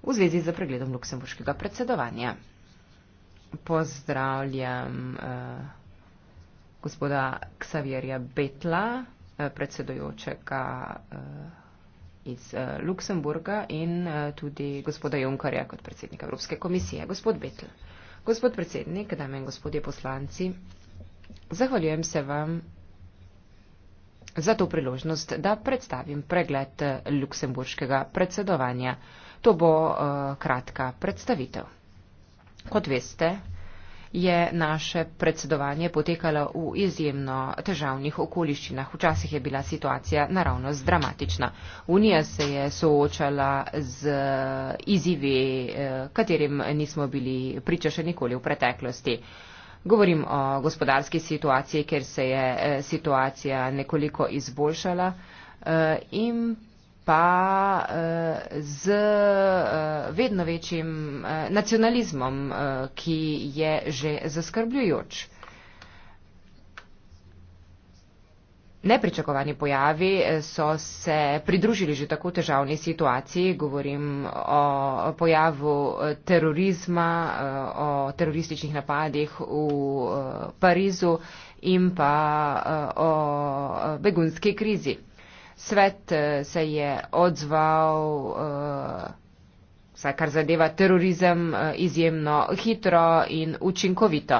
v zvezi z pregledom luksemburškega predsedovanja. Pozdravljam eh, gospoda Ksavirja Betla, eh, predsedojočega eh, iz eh, Luksemburga in eh, tudi gospoda Junkarja kot predsednika Evropske komisije. Gospod Betl, gospod predsednik, dame in gospodje poslanci, zahvaljujem se vam za to priložnost, da predstavim pregled eh, luksemburškega predsedovanja. To bo uh, kratka predstavitev. Kot veste, je naše predsedovanje potekalo v izjemno težavnih okoliščinah. Včasih je bila situacija naravnost dramatična. Unija se je soočala z eh, izzivi, eh, katerim nismo bili priča še nikoli v preteklosti. Govorim o gospodarski situaciji, ker se je situacija nekoliko izboljšala in pa uh, z uh, vedno večjim uh, nacionalizmom, uh, ki je že zaskrbljujoč. Nepričakovani pojavi so se pridružili že tako težavni situaciji, govorim o pojavu terorizma, o terorističnih napadih v Parizu in pa o begunski krizi. Svet eh, se je odzval, eh, vsaj kar zadeva terorizem, eh, izjemno hitro in učinkovito.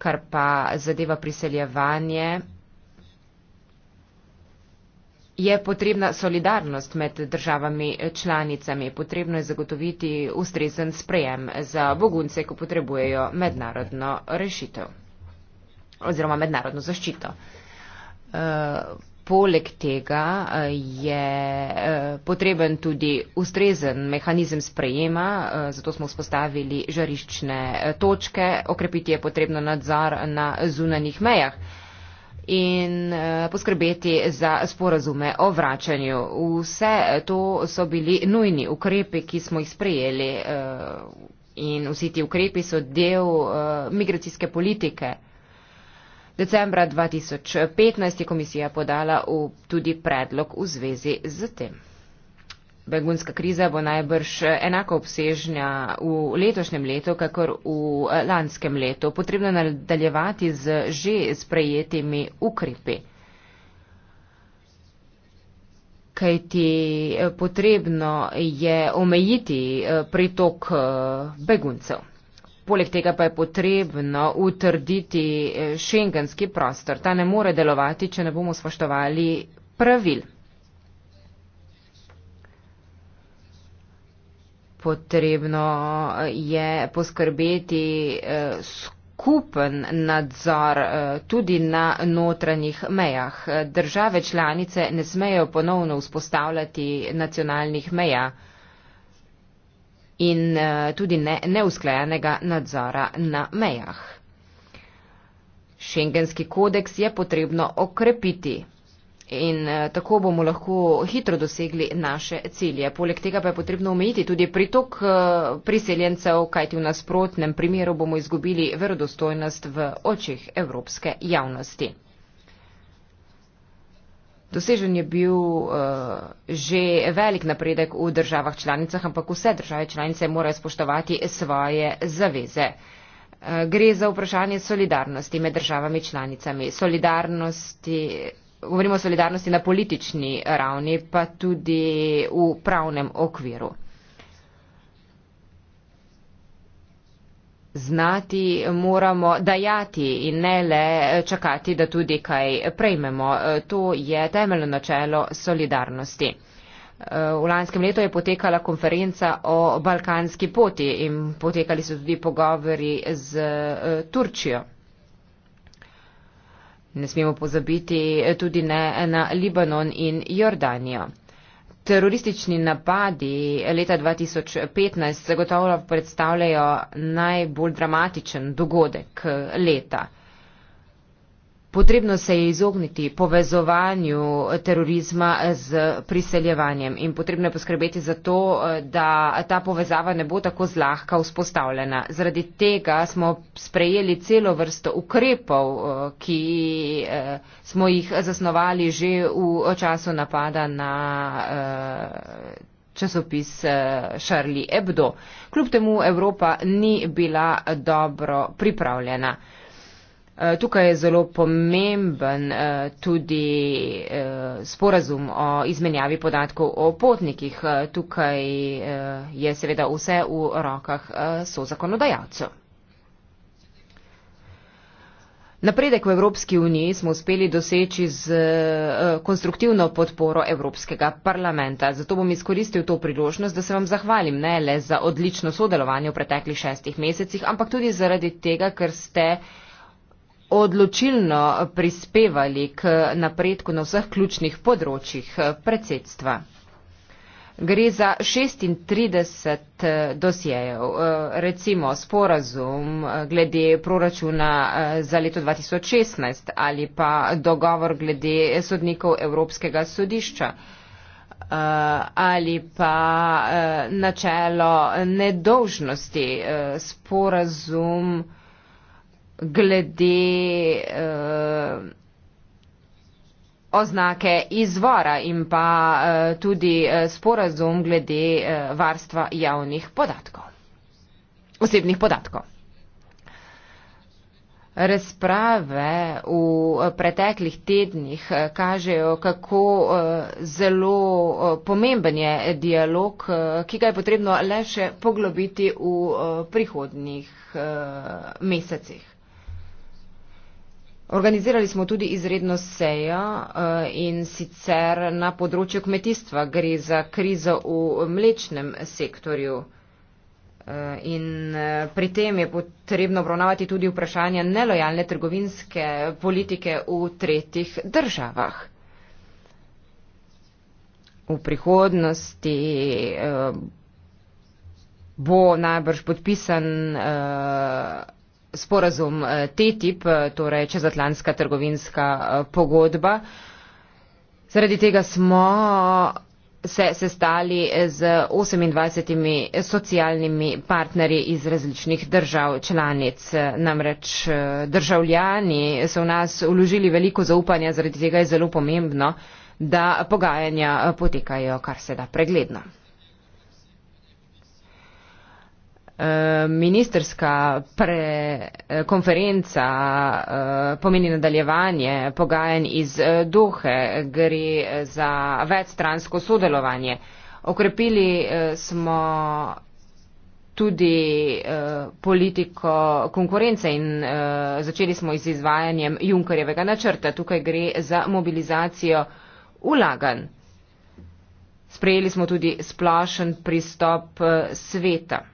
Kar pa zadeva priseljevanje, je potrebna solidarnost med državami članicami. Potrebno je zagotoviti ustrezen sprejem za bogunce, ko potrebujejo mednarodno rešitev oziroma mednarodno zaščito. Uh, Poleg tega eh, je eh, potreben tudi ustrezen mehanizem sprejema, eh, zato smo vzpostavili žariščne točke, okrepiti je potrebno nadzor na zunanih mejah in poskrbeti za sporazume o vračanju. Vse to so bili nujni ukrepi, ki smo jih sprejeli in vsi ti ukrepi so del migracijske politike. Decembra 2015 je komisija podala v, tudi predlog v zvezi z tem. Begunska kriza bo najbrž enako obsežnja v letošnjem letu, kakor v eh, lanskem letu. Potrebno je nadaljevati z že sprejetimi ukrepi. Kaj ti eh, potrebno je omejiti eh, pritok beguncev? Poleg tega pa je potrebno utrditi eh, šengenski prostor. Ta ne more delovati, če ne bomo spoštovali pravil. Potrebno eh, je poskrbeti eh, skupen nadzor tudi na notranjih mejah. Države članice ne smejo ponovno vzpostavljati nacionalnih mejah in eh, tudi ne, neusklajenega nadzora na mejah. Šengenski kodeks je potrebno okrepiti in eh, tako bomo lahko hitro dosegli naše cilje. Poleg tega pa je potrebno omejiti tudi pritok eh, priseljencev, kajti v nasprotnem primeru bomo izgubili verodostojnost v očih evropske javnosti. Dosežen je bil uh, že velik napredek v državah članicah, ampak vse države članice morajo spoštovati svoje zaveze. Uh, gre za vprašanje solidarnosti med državami članicami. Solidarnosti, govorimo o solidarnosti na politični ravni, pa tudi v pravnem okviru. znati moramo dajati in ne le eh, čakati, da tudi kaj prejmemo. Eh, to je temeljno načelo solidarnosti. Eh, v lanskem letu je potekala konferenca o balkanski poti in potekali so tudi pogovori z Turčijo. Ne smemo pozabiti tudi ne na Libanon in Jordanijo. Teroristični napadi leta 2015 zagotovo predstavljajo najbolj dramatičen dogodek eh, leta. Potrebno se je izogniti povezovanju terorizma z priseljevanjem in potrebno je poskrbeti za to, eh, da ta povezava ne bo tako zlahka vzpostavljena. Zaradi tega smo sprejeli celo vrsto ukrepov, eh, ki eh, smo jih zasnovali že v času napada na časopis Charlie Hebdo. Kljub temu Evropa ni bila dobro pripravljena. Eh, tukaj je zelo pomemben eh, tudi eh, sporazum o izmenjavi podatkov o potnikih. Tukaj je seveda vse v rokah sozakonodajalcev. Napredek v Evropski uniji smo uspeli doseči z konstruktivno podporo Evropskega parlamenta. Zato bom izkoristil to priložnost, da se vam zahvalim ne le za odlično sodelovanje v preteklih šestih mesecih, ampak tudi zaradi tega, ker ste odločilno prispevali k napredku na vseh ključnih področjih eh, predsedstva. Gre za 36 eh, dosjejev, eh, recimo sporazum glede proračuna za leto 2016 ali pa dogovor glede sodnikov Evropskega sodišča ali pa načelo nedolžnosti sporazum glede uh, oznake izvora in pa uh, tudi eh, sporazum glede uh, varstva javnih podatkov, osebnih podatkov. Razprave v preteklih tednih kažejo, kako zelo pomemben je dialog, ki ga je potrebno le še poglobiti v prihodnih mesecih. Organizirali smo tudi izredno sejo eh, in sicer na področju kmetijstva gre za krizo v mlečnem sektorju. Eh, in eh, pri tem je potrebno obravnavati tudi vprašanje nelojalne trgovinske politike v tretjih državah. V prihodnosti bo najbrž podpisan sporazum eh, TTIP, eh, torej čezatlantska trgovinska eh, pogodba. Zaradi tega smo se sestali z 28 socialnimi partnerji iz različnih držav članic. Namreč državljani so v nas uložili veliko zaupanja, zaradi tega je zelo pomembno, da pogajanja potekajo kar se da pregledno. Eh, ministerska pre, eh, konferenca eh, pomeni nadaljevanje pogajanj iz duhe, gre za večstransko sodelovanje. Okrepili smo tudi politiko konkurence in začeli smo z izvajanjem Junkarjevega načrta. Tukaj gre za mobilizacijo ulagan. Sprejeli smo tudi splošen pristop sveta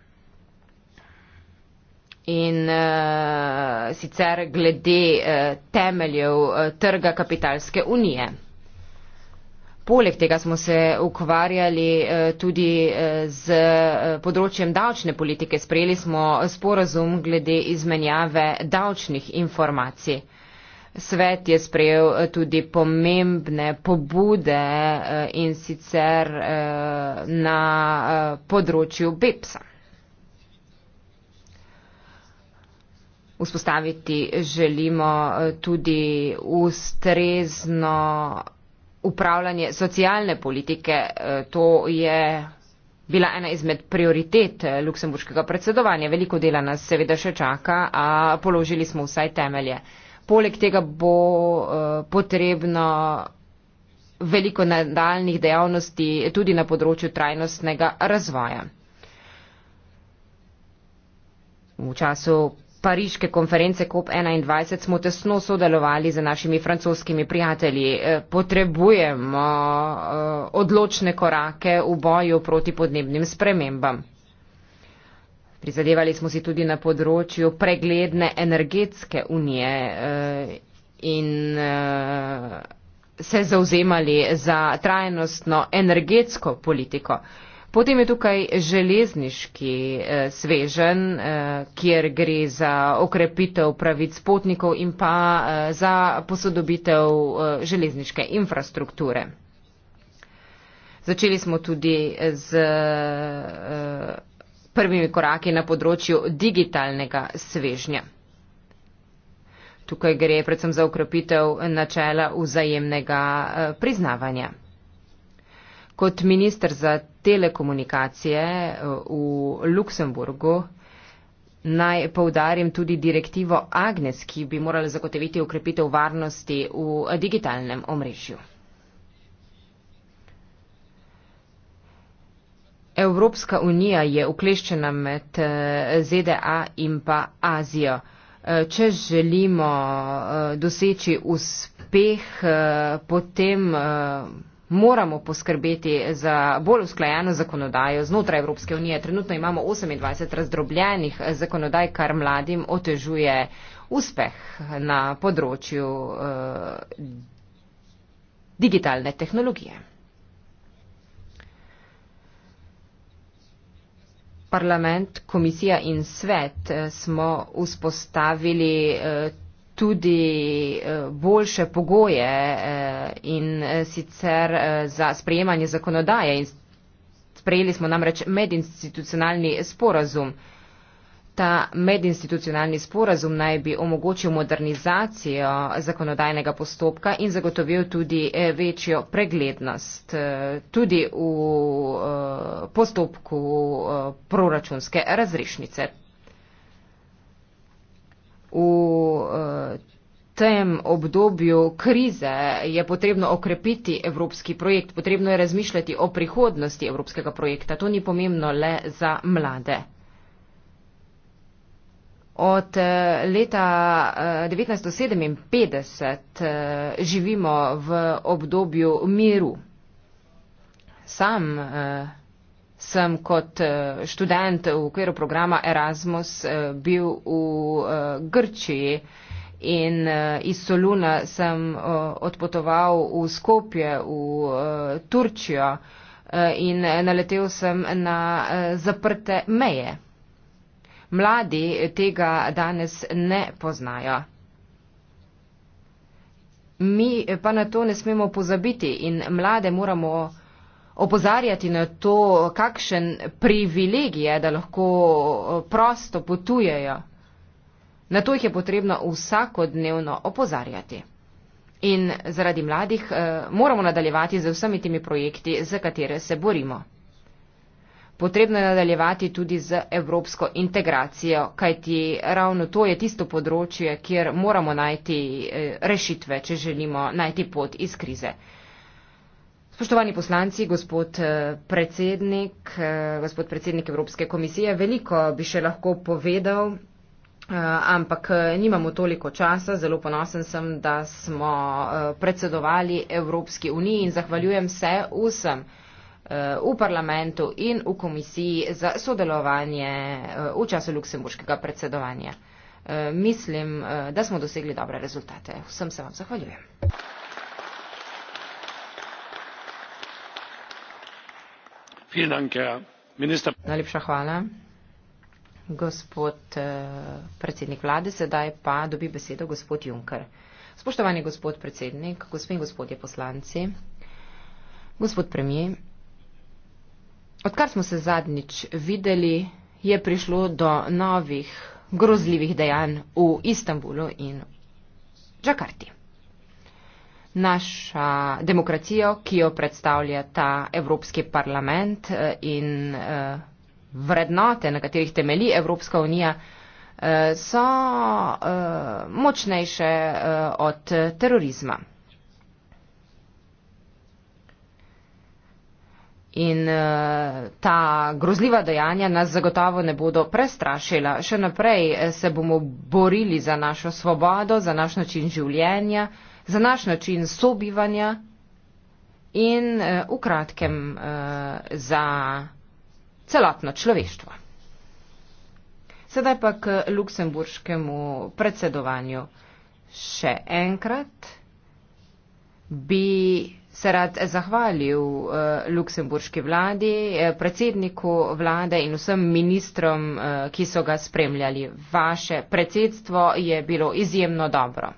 in uh, sicer glede uh, temeljev uh, trga kapitalske unije. Poleg tega smo se ukvarjali tudi z področjem davčne politike. Sprejeli smo sporazum glede izmenjave davčnih informacij. Svet je sprejel tudi pomembne pobude in sicer na področju BEPS-a. vzpostaviti želimo eh, tudi ustrezno upravljanje socialne politike. Eh, to je bila ena izmed prioritet eh, luksemburškega predsedovanja. Veliko dela nas seveda še čaka, a položili smo vsaj temelje. Poleg tega bo potrebno veliko nadaljnih dejavnosti tudi na področju trajnostnega razvoja. V času pariške konference COP21 smo tesno sodelovali z našimi francoskimi prijatelji. E, potrebujemo e, odločne korake v boju proti podnebnim spremembam. Prizadevali smo si tudi na področju pregledne energetske unije e, in se zauzemali za trajnostno energetsko politiko. Potem je tukaj železniški eh, svežen, eh, kjer gre za okrepitev pravic potnikov in pa eh, za posodobitev železniške infrastrukture. Začeli smo tudi z prvimi koraki na področju digitalnega svežnja. Tukaj gre predvsem za ukrepitev načela vzajemnega priznavanja. Kot minister za telekomunikacije eh, v Luksemburgu naj povdarim tudi direktivo Agnes, ki bi morala zagotoviti ukrepitev varnosti v digitalnem omrežju. Evropska unija je ukleščena med eh, ZDA in pa Azijo. Eh, če želimo doseči uspeh, potem moramo poskrbeti za bolj usklajeno zakonodajo znotraj Evropske unije. Trenutno imamo 28 razdrobljenih zakonodaj, kar mladim otežuje uspeh na področju uh, digitalne tehnologije. Parlament, komisija in svet eh, smo vzpostavili uh, tudi eh, boljše pogoje eh, in eh, sicer za sprejemanje zakonodaje. Sprejeli smo namreč medinstitucionalni sporazum. Ta medinstitucionalni sporazum naj bi omogočil modernizacijo zakonodajnega postopka in zagotovil tudi večjo preglednost tudi v postopku proračunske razrešnice v eh, tem obdobju krize je potrebno okrepiti evropski projekt, potrebno je razmišljati o prihodnosti evropskega projekta. To ni pomembno le za mlade. Od eh, leta 1957 eh, živimo v obdobju miru. Sam sem kot eh, študent v okviru programa Erasmus eh, bil v eh, Grčiji in iz Soluna sem odpotoval v Skopje, v Turčijo in naletel sem na zaprte meje. Mladi tega danes ne poznajo. Mi pa na to ne smemo pozabiti in mlade moramo opozarjati na to, kakšen privilegij je, da lahko eh, prosto potujejo. Na to jih je potrebno vsakodnevno opozarjati. In zaradi mladih eh, moramo nadaljevati z vsemi temi projekti, za katere se borimo. Potrebno je nadaljevati tudi z evropsko integracijo, kajti ravno to je tisto področje, kjer moramo najti eh, rešitve, če želimo najti pot iz krize. Spoštovani poslanci, gospod eh, predsednik, eh, gospod predsednik Evropske komisije, veliko bi še lahko povedal, eh, ampak nimamo toliko časa. Zelo ponosen sem, da smo predsedovali Evropski uniji in zahvaljujem se vsem v parlamentu in v komisiji za sodelovanje v času luksemburškega predsedovanja. Mislim, da smo dosegli dobre rezultate. Vsem se vam zahvaljujem. Najlepša hvala. Gospod eh, predsednik vlade, sedaj pa dobi besedo gospod Juncker. Spoštovani gospod predsednik, gospe in gospodje poslanci, gospod premijer, odkar smo se zadnjič videli, je prišlo do novih grozljivih dejanj v Istanbulu in Džakarti naša demokracijo, ki jo predstavlja ta Evropski parlament eh, in eh, vrednote, na katerih temeli Evropska unija, eh, so močnejše od terorizma. In ta grozljiva dejanja nas zagotovo ne bodo prestrašila. Še naprej se bomo borili za našo svobodo, za naš način življenja, za naš način sobivanja in eh, v kratkem eh, za celotno človeštvo. Sedaj pa k luksemburškemu predsedovanju. Še enkrat bi se rad zahvalil eh, luksemburški vladi, predsedniku vlade in vsem ministrom, ki so ga spremljali. Vaše predsedstvo je bilo izjemno dobro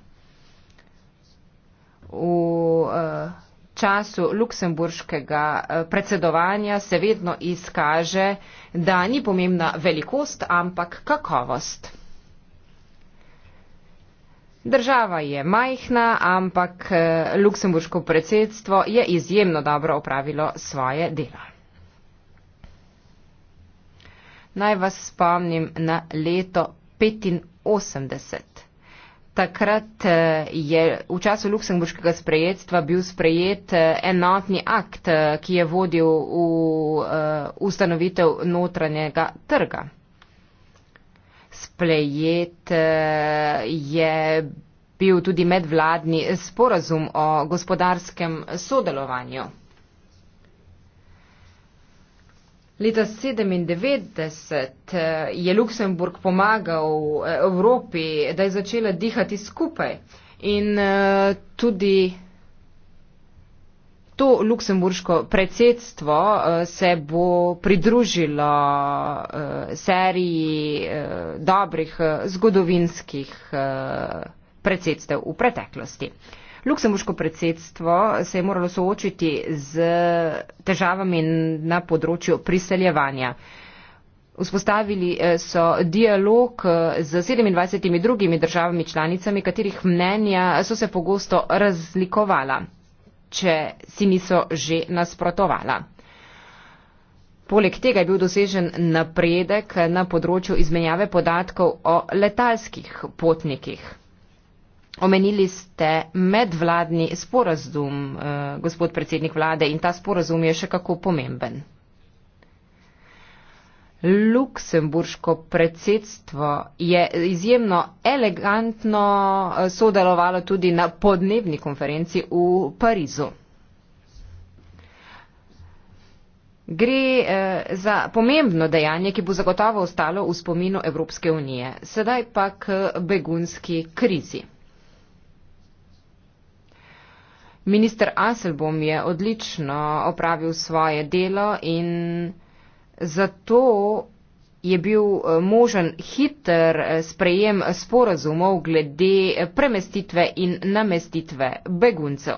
v eh, času luksemburškega eh, predsedovanja se vedno izkaže, da ni pomembna velikost, ampak kakovost. Država je majhna, ampak eh, luksemburško predsedstvo je izjemno dobro opravilo svoje delo. Naj vas spomnim na leto 85 takrat eh, je v času luksemburškega sprejetstva bil sprejet eh, enotni akt, eh, ki je vodil v ustanovitev notranjega trga. Sprejet je bil tudi medvladni sporazum o gospodarskem sodelovanju. Leta 1997 eh, je Luksemburg pomagal eh, Evropi, da je začela dihati skupaj in eh, tudi to luksemburško predsedstvo se bo pridružilo seriji dobrih zgodovinskih predsedstev v preteklosti. Luksemburško predsedstvo se je moralo soočiti z težavami na področju priseljevanja. Vzpostavili eh, so dialog eh, z 27 drugimi državami članicami, katerih mnenja so se pogosto razlikovala, če si niso že nasprotovala. Poleg tega je bil dosežen napredek na področju izmenjave podatkov o letalskih potnikih. Omenili ste medvladni sporazum, eh, gospod predsednik vlade, in ta sporazum je še kako pomemben. Luksemburško predsedstvo je izjemno elegantno eh, sodelovalo tudi na podnebni konferenci v Parizu. Gre eh, za pomembno dejanje, ki bo zagotovo ostalo v spominu Evropske unije. Sedaj pa k begunski krizi. Minister Aselbom je odlično opravil svoje delo in zato je bil eh, možen hiter eh, sprejem sporazumov glede eh, premestitve in namestitve beguncev.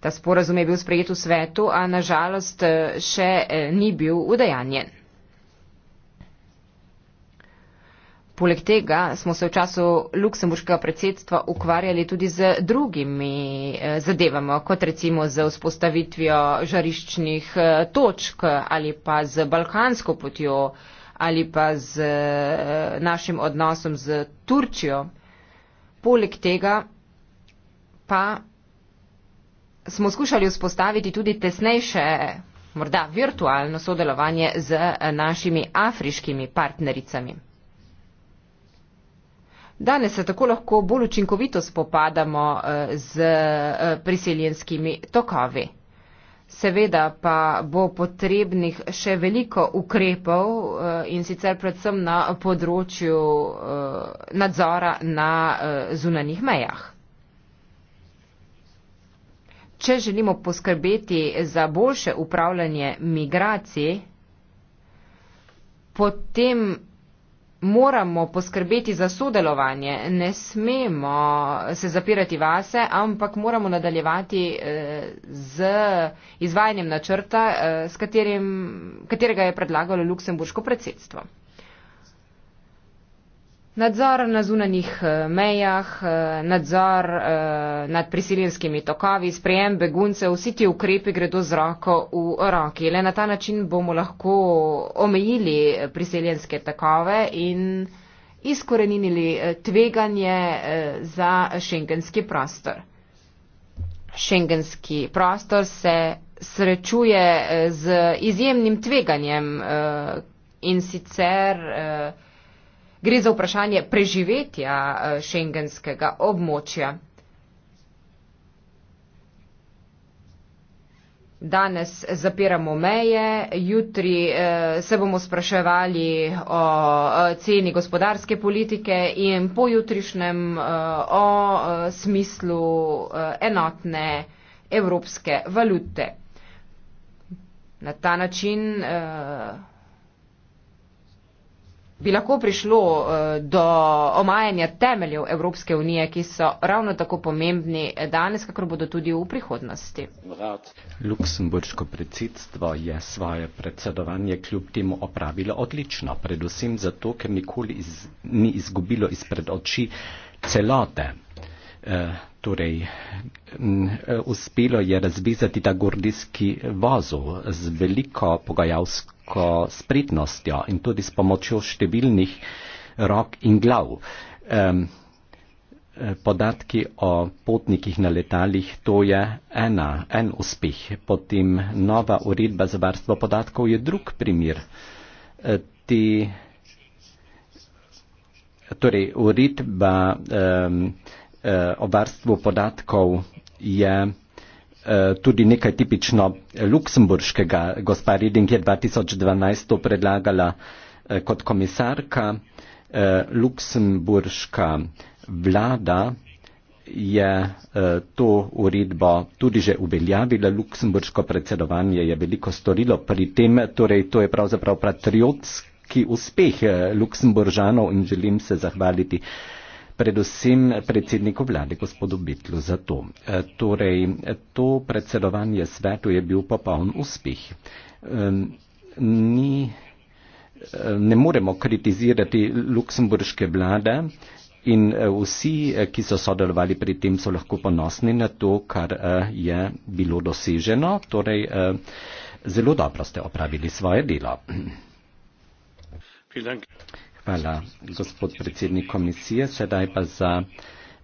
Ta sporazum je bil sprejet v svetu, a nažalost še ni bil udejanjen. Poleg tega smo se v času luksemburškega predsedstva ukvarjali tudi z drugimi eh, zadevami, kot recimo z vzpostavitvijo žariščnih eh, točk ali pa z balkansko potjo ali pa z eh, našim odnosom z Turčijo. Poleg tega pa smo skušali vzpostaviti tudi tesnejše, morda virtualno sodelovanje z našimi afriškimi partnericami. Danes se tako lahko bolj učinkovito spopadamo eh, z eh, priseljenskimi tokovi. Seveda pa bo potrebnih še veliko ukrepov eh, in sicer predvsem na področju nadzora na zunanih mejah. Če želimo poskrbeti za boljše upravljanje migracij, potem moramo poskrbeti za sodelovanje, ne smemo se zapirati vase, ampak moramo nadaljevati eh, z izvajanjem načrta, eh, katerim, katerega je predlagalo luksemburško predsedstvo. Nadzor na zunanih eh, mejah, eh, nadzor eh, nad prisiljenskimi tokavi, sprejem beguncev, vsi ti ukrepi gredo z roko v roki. Le na ta način bomo lahko omejili prisiljenske tokave in izkoreninili tveganje za šengenski prostor. Šengenski prostor se srečuje z izjemnim tveganjem in sicer gre za vprašanje preživetja eh, šengenskega območja. Danes zapiramo meje, jutri eh, se bomo spraševali o eh, ceni gospodarske politike in pojutrišnjem o smislu enotne evropske valute. Na ta način. Uh bi lahko prišlo eh, do omajanja temeljev Evropske unije, ki so ravno tako pomembni danes, kakor bodo tudi v prihodnosti. Luksemburško predsedstvo je svoje predsedovanje kljub temu opravilo odlično, predvsem zato, ker nikoli iz, ni izgubilo izpred oči celote. E, torej, m, eh, uspelo je razvezati ta gordijski vozov z veliko pogajalsko veliko spretnostjo in tudi s pomočjo številnih rok in glav. Um, podatki o potnikih na letalih, to je ena, en uspeh. Potem nova uredba za varstvo podatkov je drug primer. E, te, torej, uredba um, o varstvu podatkov je. Eh, tudi nekaj tipično eh, luksemburškega. Gospa Reding je 2012 to predlagala eh, kot komisarka. Luksemburška vlada je to uredbo tudi že uveljavila. Luksemburško predsedovanje je veliko storilo pri tem. Torej, to je pravzaprav patriotski uspeh Luksemburžanov in želim se zahvaliti predvsem predsedniku vlade gospodu Bitlu za to. E, torej, to predsedovanje svetu je bil popoln uspeh. E, ni, e, ne moremo kritizirati luksemburške vlade in vsi, ki so sodelovali pri tem, so lahko ponosni na to, kar je bilo doseženo. Torej, zelo dobro ste opravili svoje delo. Vielen Dank. Hvala, gospod predsednik komisije. Sedaj pa za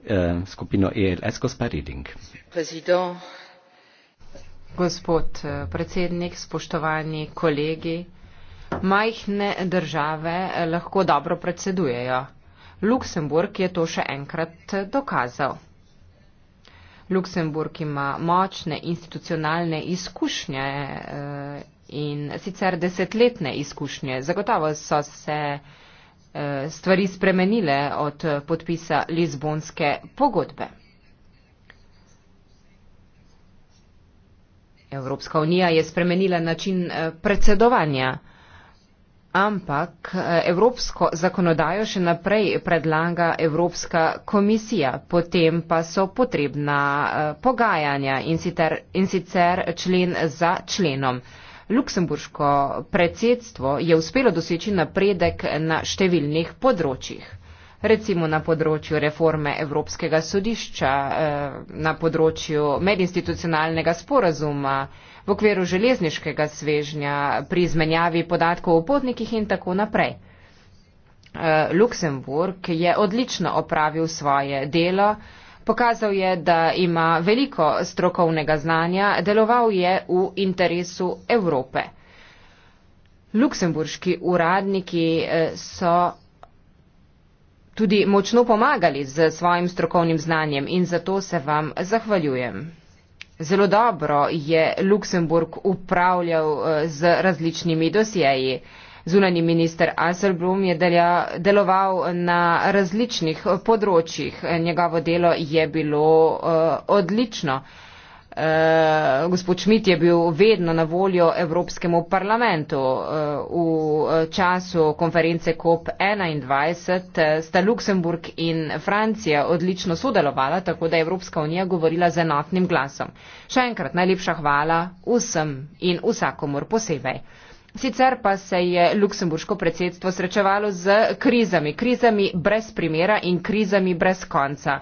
eh, skupino ELS, gospa Reding. Gospod eh, predsednik, spoštovani kolegi, majhne države eh, lahko dobro predsedujejo. Luksemburg je to še enkrat eh, dokazal. Luksemburg ima močne institucionalne izkušnje in sicer desetletne izkušnje. Zagotovo so se Eh, stvari spremenile od podpisa Lizbonske pogodbe. Evropska unija je spremenila način eh, predsedovanja, ampak eh, evropsko zakonodajo še naprej predlaga Evropska komisija, potem pa so potrebna pogajanja in sicer člen za členom. Luksemburško predsedstvo je uspelo doseči napredek na številnih področjih. Recimo na področju reforme Evropskega sodišča, eh, na področju medinstitucionalnega sporazuma, v okviru železniškega svežnja, pri izmenjavi podatkov o potnikih in tako naprej. Eh, Luksemburg je odlično opravil svoje delo, Pokazal je, da ima veliko strokovnega znanja, deloval je v interesu Evrope. Luksemburški uradniki eh, so tudi močno pomagali z svojim strokovnim znanjem in zato se vam zahvaljujem. Zelo dobro je Luksemburg upravljal eh, z različnimi dosjeji. Zunani minister Aselblom je delja, deloval na različnih področjih. Njegovo delo je bilo uh, odlično. Uh, gospod Šmit je bil vedno na voljo Evropskemu parlamentu. Uh, v času konference COP21 sta Luksemburg in Francija odlično sodelovala, tako da je Evropska unija govorila z enotnim glasom. Še enkrat najlepša hvala vsem in vsakomur posebej. Sicer pa se je luksemburško predsedstvo srečevalo z krizami, krizami brez primera in krizami brez konca.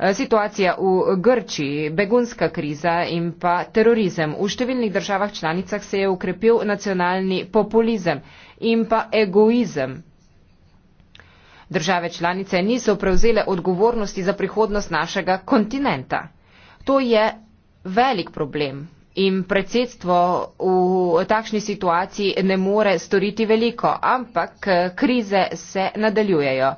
E, situacija v Grčiji, begunska kriza in pa terorizem. V številnih državah članicah se je ukrepil nacionalni populizem in pa egoizem. Države članice niso prevzele odgovornosti za prihodnost našega kontinenta. To je velik problem, in predsedstvo v takšni situaciji ne more storiti veliko, ampak eh, krize se nadaljujejo.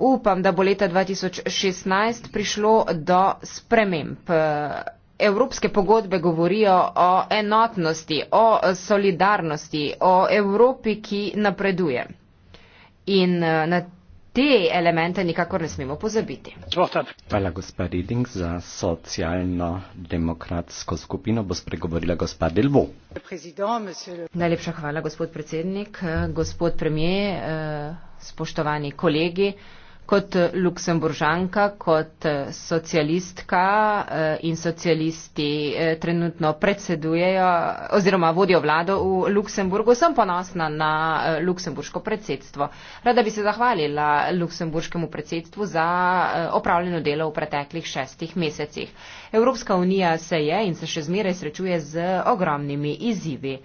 Upam, da bo leta 2016 prišlo do sprememb. Eh, evropske pogodbe govorijo o enotnosti, o solidarnosti, o Evropi, ki napreduje. In eh, na Te elemente nikakor ne smemo pozabiti. Hvala, gospa Reding, za socialno-demokratsko skupino. Bo spregovorila gospa Delvo. Najlepša hvala, gospod predsednik, gospod premije, eh, spoštovani kolegi kot luksemburžanka, kot eh, socialistka eh, in socialisti eh, trenutno predsedujejo oziroma vodijo vlado v Luksemburgu, sem ponosna na luksemburško predsedstvo. Rada bi se zahvalila luksemburškemu predsedstvu za opravljeno delo v preteklih šestih mesecih. Evropska unija se je in se še zmeraj srečuje z ogromnimi izzivi.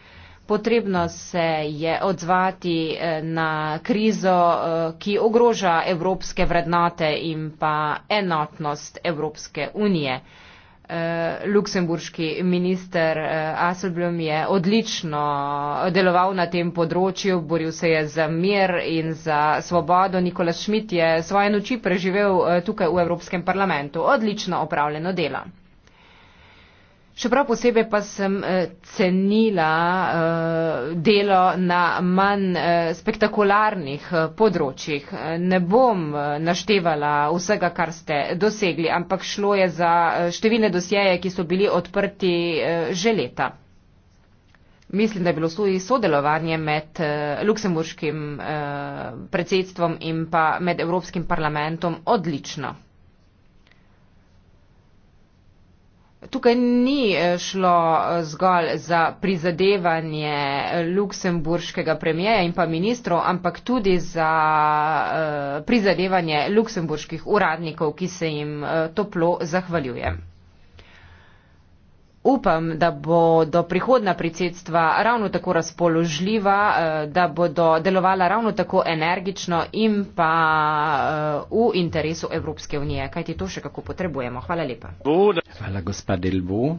Potrebno se je odzvati eh, na krizo, eh, ki ogroža evropske vrednote in pa enotnost Evropske unije. Eh, luksemburški minister Aselblom je odlično deloval na tem področju, boril se je za mir in za svobodo. Nikola Šmit je svoje noči preživel tukaj v Evropskem parlamentu. Odlično opravljeno delo. Še prav posebej pa sem eh, cenila eh, delo na manj eh, spektakularnih področjih. Ne bom naštevala vsega, kar ste dosegli, ampak šlo je za številne dosjeje, ki so bili odprti že leta. Mislim, da je bilo tudi sodelovanje med luksemburškim predsedstvom in pa med Evropskim parlamentom odlično. Tukaj ni eh, šlo eh, zgolj za prizadevanje eh, luksemburškega premijeja in pa ministrov, ampak tudi za prizadevanje luksemburških uradnikov, ki se jim toplo zahvaljujem upam, da bodo prihodna predsedstva ravno tako razpoložljiva, eh, da bodo delovala ravno tako energično in pa eh, v interesu Evropske unije, kajti to še kako potrebujemo. Hvala lepa. Hvala, gospa Delvo.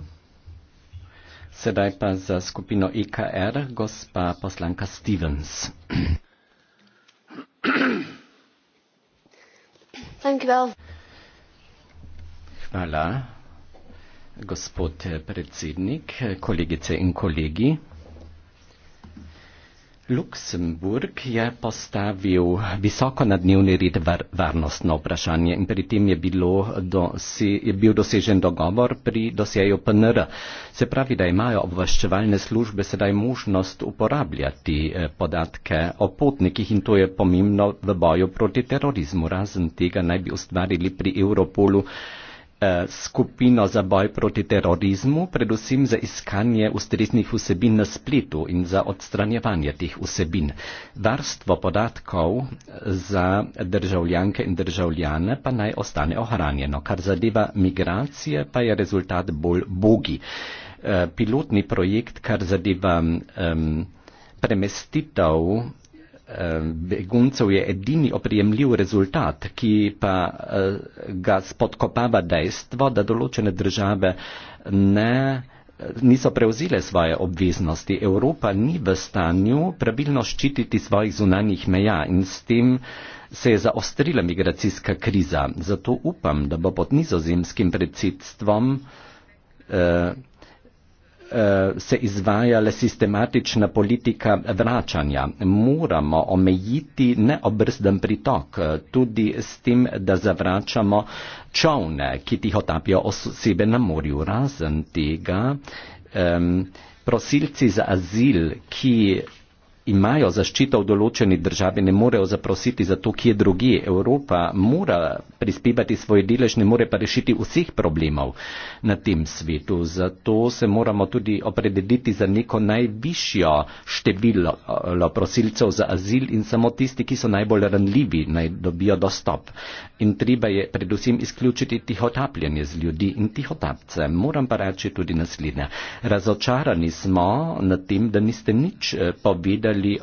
Sedaj pa za skupino IKR, e gospa poslanka Stevens. Hvala gospod eh, predsednik, eh, kolegice in kolegi. Luksemburg je postavil visoko na dnevni red var, varnostno vprašanje in pri tem je, bilo do, si, je bil dosežen dogovor pri dosjeju PNR. Se pravi, da imajo obvaščevalne službe sedaj možnost uporabljati eh, podatke o potnikih in to je pomembno v boju proti terorizmu. Razen tega naj bi ustvarili pri Europolu Eh, skupino za boj proti terorizmu, predvsem za iskanje ustreznih vsebin na spletu in za odstranjevanje teh vsebin. Varstvo podatkov eh, za državljanke in državljane pa naj ostane ohranjeno, kar zadeva migracije, pa je rezultat bolj bogi. Eh, pilotni projekt, kar zadeva um, premestitev Eh, beguncev je edini oprijemljiv rezultat, ki pa eh, ga spodkopava dejstvo, da določene države ne, eh, niso prevzile svoje obveznosti. Evropa ni v stanju pravilno ščititi svojih zunanjih meja in s tem se je zaostrila migracijska kriza. Zato upam, da bo pod nizozemskim predsedstvom eh, Eh, se izvaja le sistematična politika vračanja. Moramo omejiti neobrzden pritok, eh, tudi s tem, da zavračamo čovne, ki tih otapijo osebe na morju. Razen tega, um, prosilci za azil, ki imajo zaščito v določeni državi, ne morejo zaprositi za to, kje drugi. Evropa mora prispevati svoje delež, ne more pa rešiti vseh problemov na tem svetu. Zato se moramo tudi opredeliti za neko najvišjo število eh, prosilcev za azil in samo tisti, ki so najbolj ranljivi, naj dobijo dostop. In treba je predvsem izključiti tihotapljanje z ljudi in tihotapce. Moram pa reči tudi naslednje. Razočarani smo nad tem, da niste nič eh, povedali, govorili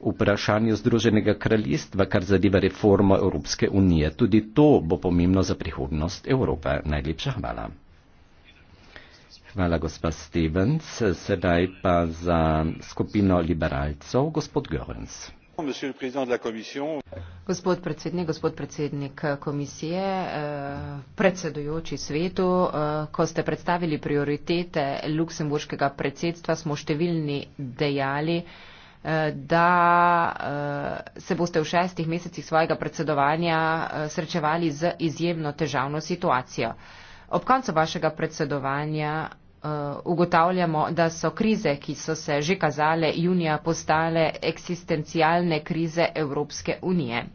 o vprašanju Združenega kraljestva, kar zadeva reformo Evropske unije. Tudi to bo pomembno za prihodnost Evrope. Najlepša hvala. Hvala, gospa Stevens. Sedaj pa za skupino liberalcev, gospod Görens. Gospod predsednik, gospod predsednik komisije, eh, predsedujoči svetu, eh, ko ste predstavili prioritete luksemburškega predsedstva, smo številni dejali, Eh, da eh, se boste v šestih mesecih svojega predsedovanja eh, srečevali z izjemno težavno situacijo. Ob koncu vašega predsedovanja ugotavljamo, da so krize, ki so se že kazale junija, postale eksistencialne krize Evropske unije.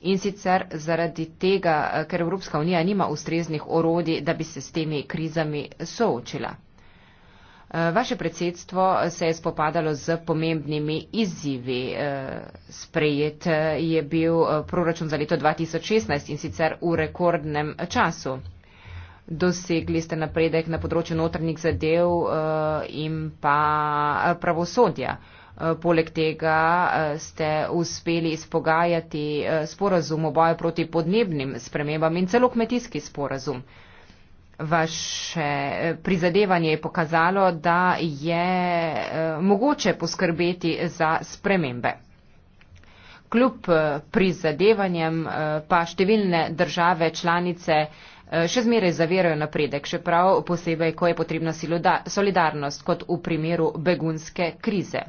In sicer zaradi tega, ker Evropska unija nima ustreznih orodij, da bi se s temi krizami soočila. Vaše predsedstvo se je spopadalo z pomembnimi izzivi. Eh, sprejet eh, je bil eh, proračun za leto 2016 in sicer v rekordnem času. Dosegli ste napredek na področju notrnih zadev in pa pravosodja. Poleg tega ste uspeli izpogajati sporazum o boju proti podnebnim spremembam in celo kmetijski sporazum vaše eh, prizadevanje je pokazalo, da je eh, mogoče poskrbeti za spremembe. Kljub eh, prizadevanjem pa številne države članice še zmeraj zavirajo napredek, še prav posebej, ko je potrebna solidarnost, kot v primeru begunske krize.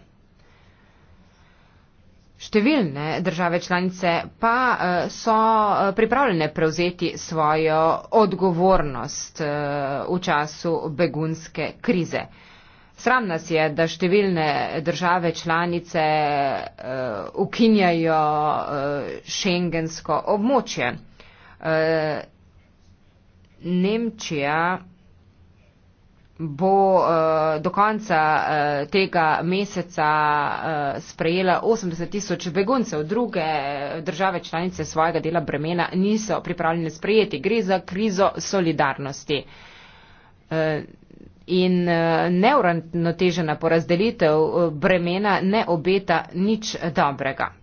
Številne države članice pa eh, so eh, pripravljene prevzeti svojo odgovornost eh, v času begunske krize. Sram nas je, da številne države članice ukinjajo šengensko območje. Nemčija bo eh, do konca eh, tega meseca eh, sprejela 80 tisoč beguncev. Druge države članice svojega dela bremena niso pripravljene sprejeti. Gre za krizo solidarnosti. In neuravnotežena porazdelitev bremena ne obeta nič dobrega.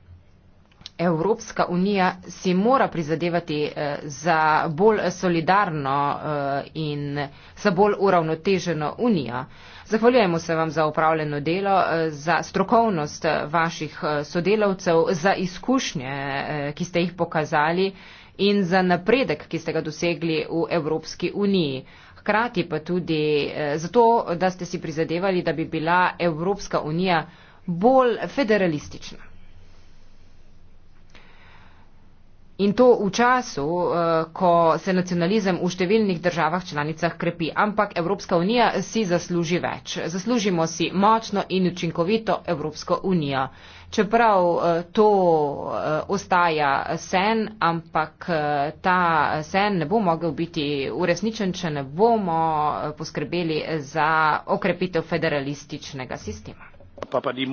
Evropska unija si mora prizadevati eh, za bolj solidarno eh, in za bolj uravnoteženo unijo. Zahvaljujemo se vam za upravljeno delo, eh, za strokovnost vaših sodelavcev, za izkušnje, ki ste jih pokazali in za napredek, ki ste ga dosegli v Evropski uniji. Hkrati pa tudi zato, da ste si prizadevali, da bi bila Evropska unija bolj federalistična. In to v času, eh, ko se nacionalizem v številnih državah članicah krepi. Ampak Evropska unija si zasluži več. Zaslužimo si močno in učinkovito Evropsko unijo. Čeprav eh, to eh, ostaja sen, ampak ta sen ne bo mogel biti uresničen, če ne bomo poskrbeli za okrepitev federalističnega sistema.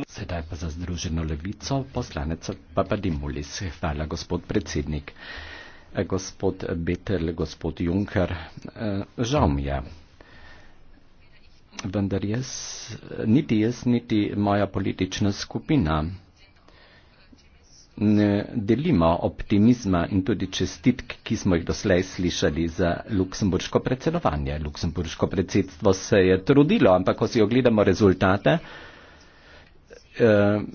Sedaj pa za združeno levico poslanec Papadimulis. Hvala, gospod predsednik. Eh, gospod Betel, gospod Juncker, eh, žal mi je. Vendar jaz, niti jaz, niti moja politična skupina ne delimo optimizma in tudi čestitk, ki smo jih doslej slišali za luksemburško predsedovanje. Luksemburško predsedstvo se je trudilo, ampak ko si ogledamo rezultate, Eh,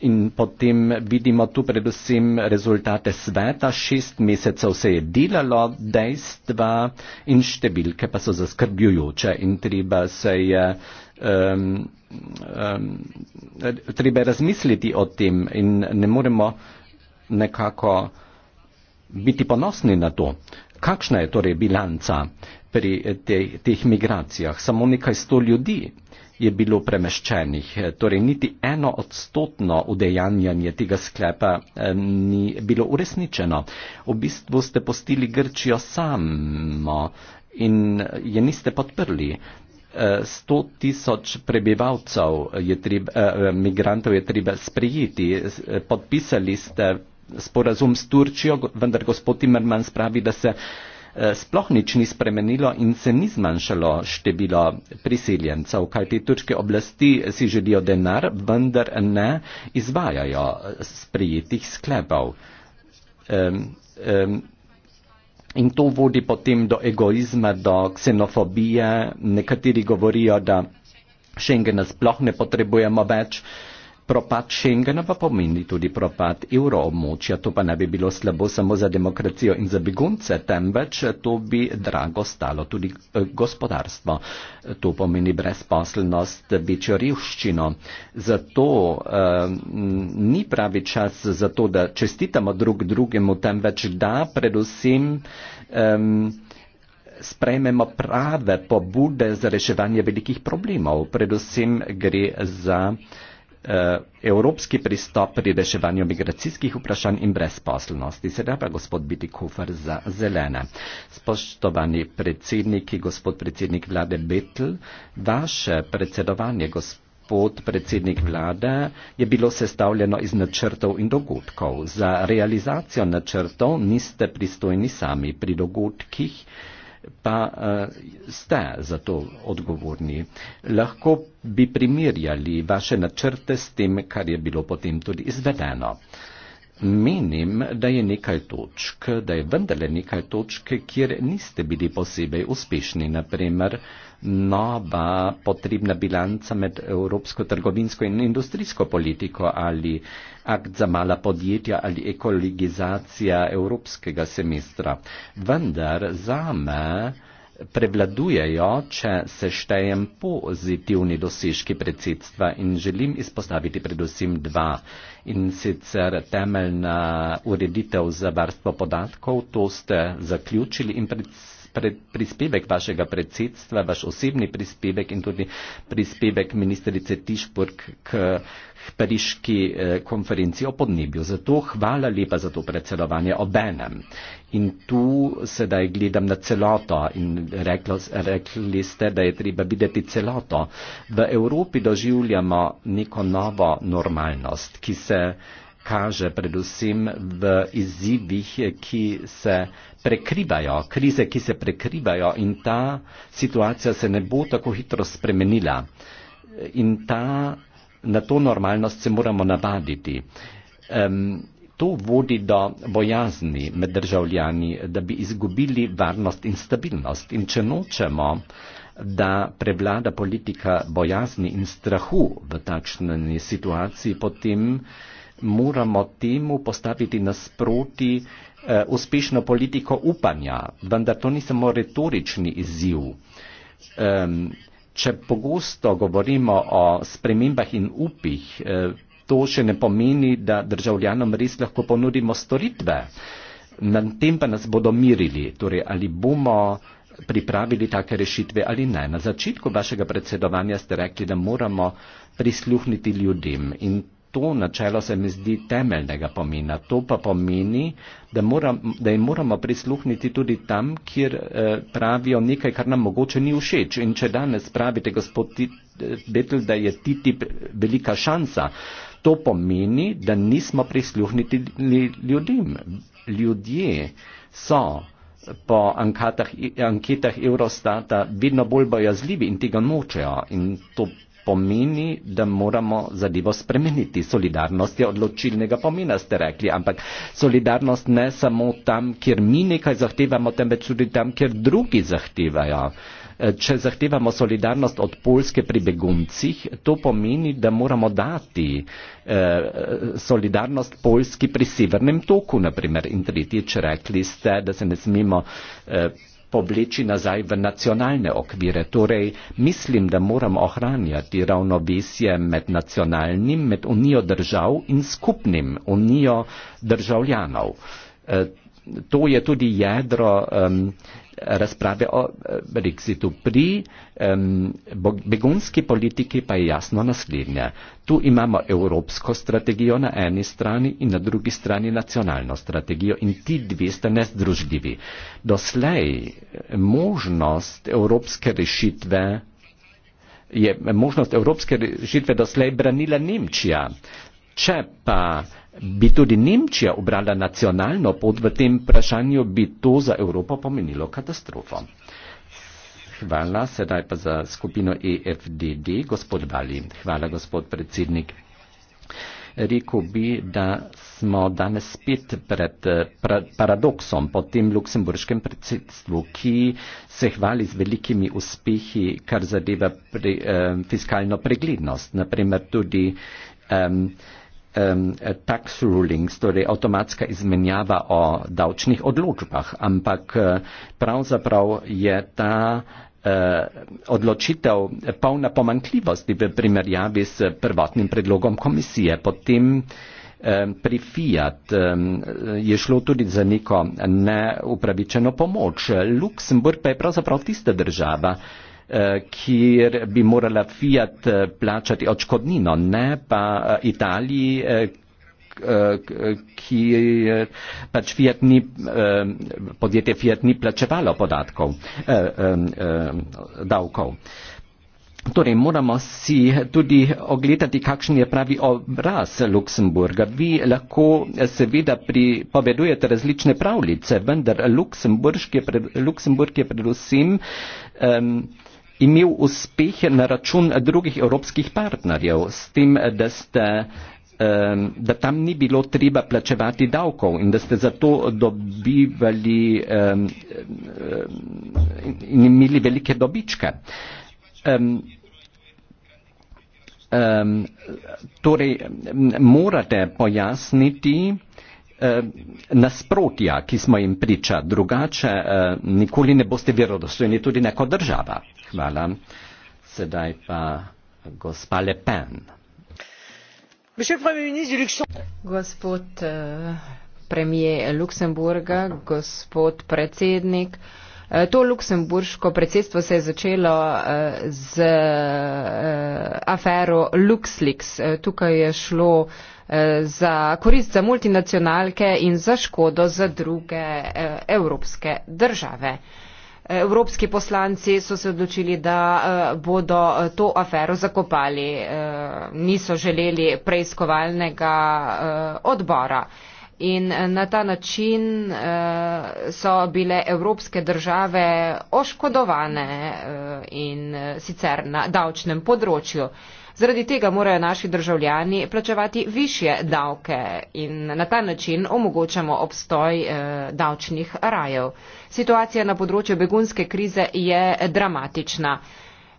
in potem vidimo tu predvsem rezultate sveta. Šest mesecev se je delalo, dejstva in številke pa so zaskrbljujoče in treba se je. Um, um, treba razmisliti o tem in ne moremo nekako biti ponosni na to. Kakšna je torej bilanca pri te, teh migracijah? Samo nekaj sto ljudi je bilo premeščenih. Torej, niti eno odstotno udejanjanje tega sklepa eh, ni bilo uresničeno. V bistvu ste postili Grčijo samo in eh, je niste podprli. 100 eh, tisoč prebivalcev, je treb, migrantov je treba sprejeti. Podpisali ste sporazum s Turčijo, vendar gospod Timerman spravi, da se Eh, sploh nič ni spremenilo in se ni zmanjšalo število priseljencev, kaj te turške oblasti si želijo denar, vendar ne izvajajo sprejetih sklepov. Um, um, in to vodi potem do egoizma, do ksenofobije. Nekateri govorijo, da Schengena sploh ne potrebujemo več. Uh, propad Schengena pa pomeni tudi propad evroobmočja, to pa ne bi bilo slabo samo za demokracijo in za begunce, temveč to bi drago stalo tudi eh, gospodarstvo. To pomeni brezposelnost, večjo revščino. Zato eh, ni pravi čas za to, da čestitamo drug drugemu, temveč da predvsem. Eh, sprejmemo prave pobude za reševanje velikih problemov. Predvsem gre za uh, Eh, evropski pristop pri reševanju migracijskih vprašanj in brezposelnosti. Sedaj pa gospod Bitikofer za zelene. Spoštovani predsedniki, gospod predsednik vlade Betl, vaše predsedovanje, gospod predsednik vlade, je bilo sestavljeno iz načrtov in dogodkov. Za realizacijo načrtov niste pristojni sami pri dogodkih, pa eh, ste za to odgovorni. Lahko bi primerjali vaše načrte s tem, kar je bilo potem tudi izvedeno. Menim, da je nekaj točk, da je vendarle nekaj točk, kjer niste bili posebej uspešni, naprimer nova potrebna bilanca med evropsko trgovinsko in industrijsko politiko ali akt za mala podjetja ali ekologizacija evropskega semestra. Vendar za me prevladujejo, če se štejem pozitivni dosežki predsedstva in želim izpostaviti predvsem dva. In sicer temeljna ureditev za varstvo podatkov, to ste zaključili in predvsem pred, prispevek vašega predsedstva, vaš osebni prispevek in tudi prispevek ministrice Tišburg k, k pariški eh, konferenci o podnebju. Zato hvala lepa za to predsedovanje obenem. In tu sedaj gledam na celoto in reklo, rekli ste, da je treba videti celoto. V Evropi doživljamo neko novo normalnost, ki se kaže predvsem v izzivih, ki se prekrivajo, krize, ki se prekrivajo in ta situacija se ne bo tako hitro spremenila. In ta, na to normalnost se moramo navaditi. Um, to vodi do bojazni med državljani, da bi izgubili varnost in stabilnost. In če nočemo, da prevlada politika bojazni in strahu v takšni situaciji, potem moramo temu postaviti nasproti eh, uspešno politiko upanja, vendar to ni samo retorični izziv. Eh, če pogosto govorimo o spremembah in upih, eh, to še ne pomeni, da državljanom res lahko ponudimo storitve. Na tem pa nas bodo mirili, torej ali bomo pripravili take rešitve ali ne. Na začetku vašega predsedovanja ste rekli, da moramo prisluhniti ljudem in to načelo se mi zdi temeljnega pomena. To pa pomeni, da, moram, da jim moramo prisluhniti tudi tam, kjer eh, pravijo nekaj, kar nam mogoče ni všeč. In če danes pravite, gospod Betl, da je TTIP velika šansa, to pomeni, da nismo prisluhniti ljudem. Ljudje so po anketah Eurostata vedno bolj bojazljivi in tega nočejo. In to pomeni, da moramo zadevo spremeniti. Solidarnost je odločilnega pomena, ste rekli, ampak solidarnost ne samo tam, kjer mi nekaj zahtevamo, temveč tudi tam, kjer drugi zahtevajo. E, če zahtevamo solidarnost od Poljske pri beguncih, to pomeni, da moramo dati eh, solidarnost Poljski pri Severnem toku, naprimer. In tretjič, rekli ste, da se ne smemo eh, pobleči nazaj v nacionalne okvire. Torej, mislim, da moram ohranjati ravnovesje med nacionalnim, med unijo držav in skupnim unijo državljanov. Eh, to je tudi jedro. Um, razprave o eh, Brexitu. Pri um, begunski politiki pa je jasno naslednje. Tu imamo evropsko strategijo na eni strani in na drugi strani nacionalno strategijo in ti dve sta nezdružljivi. Doslej eh, možnost evropske rešitve je eh, možnost evropske rešitve doslej branila Nemčija. Če pa bi tudi Nemčija obrala nacionalno pot v tem vprašanju, bi to za Evropo pomenilo katastrofo. Hvala, sedaj pa za skupino EFDD, gospod Vali. Hvala, gospod predsednik. Rekl bi, da smo danes spet pred pra, paradoksom po tem luksemburškem predsedstvu, ki se hvali z velikimi uspehi, kar zadeva pre, eh, fiskalno preglednost. Naprimer tudi eh, um, tax rulings, torej avtomatska izmenjava o davčnih odločbah, ampak eh, pravzaprav je ta eh, odločitev polna pomankljivosti v primerjavi s prvotnim predlogom komisije. Potem pri Fiat je šlo tudi za neko neupravičeno pomoč. Luksemburg pa je pravzaprav tista država, Eh, kjer bi morala Fiat eh, plačati očkodnino, ne pa eh, Italiji, kjer pač Fiat ni, podjetje Fiat ni plačevalo podatkov, davkov. Torej, moramo si tudi ogledati, kakšen je pravi obraz Luksemburga. Vi lahko seveda pripovedujete različne pravljice, vendar Luksemburg je, pred, Luksemburg je predvsem um, imel uspeh na račun drugih evropskih partnerjev, s tem, da, ste, da tam ni bilo treba plačevati davkov in da ste zato dobivali in imeli velike dobičke. Torej, morate pojasniti, Eh, nasprotja, ki smo jim priča, drugače eh, nikoli ne boste verodostojni tudi neko država. Hvala. Sedaj pa gospa Le Pen. Gospod eh, premije Luksemburga, gospod predsednik, to luksemburško predsedstvo se je začelo z afero LuxLeaks. Tukaj je šlo Eh, za korist za multinacionalke in za škodo za druge eh, evropske države. Eh, evropski poslanci so se odločili, da bodo to afero zakopali. Niso želeli preiskovalnega odbora. In na ta način so bile evropske države oškodovane in sicer na davčnem področju. Zaradi tega morajo naši državljani plačevati više davke in na ta način omogočamo obstoj eh, davčnih rajev. Situacija na področju begunske krize je dramatična.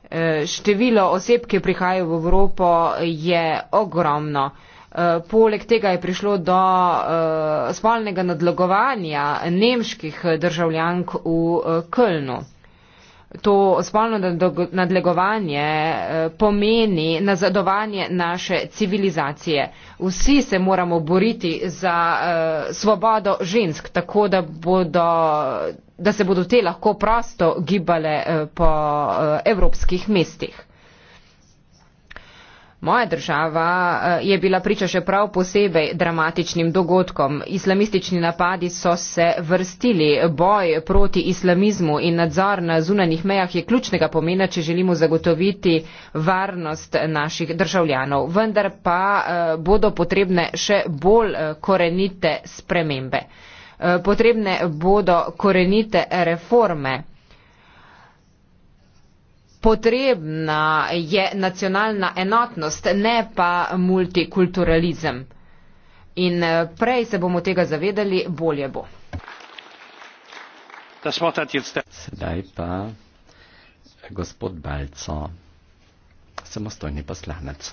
Eh, število oseb, ki prihajajo v Evropo, je ogromno. Eh, poleg tega je prišlo do spolnega nadlogovanja nemških državljank v Kölnu to spolno nadlegovanje eh, pomeni nazadovanje naše civilizacije. Vsi se moramo boriti za eh, svobodo žensk, tako da, bodo, da se bodo te lahko prosto gibale eh, po evropskih mestih. Moja država eh, je bila priča še prav posebej dramatičnim dogodkom. Islamistični napadi so se vrstili. Boj proti islamizmu in nadzor na zunanih mejah je ključnega pomena, če želimo zagotoviti varnost naših državljanov. Vendar pa eh, bodo potrebne še bolj eh, korenite spremembe. Potrebne bodo korenite reforme potrebna je nacionalna enotnost, ne pa multikulturalizem. In eh, prej se bomo tega zavedali, bolje bo. Sedaj pa gospod Balco, samostojni poslanec.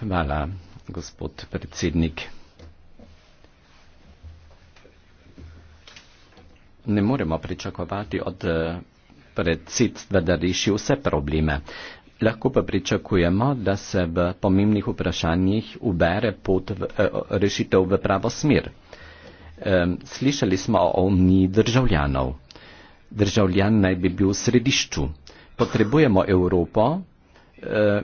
Hvala, gospod predsednik. Ne moremo pričakovati od eh, predsed vendar reši vse probleme. Lahko pa pričakujemo, da se v pomembnih vprašanjih ubere pot v, eh, rešitev v pravo smer. Slišali smo o omni državljanov. Državljan naj bi bil v središču. Potrebujemo Evropo, eh,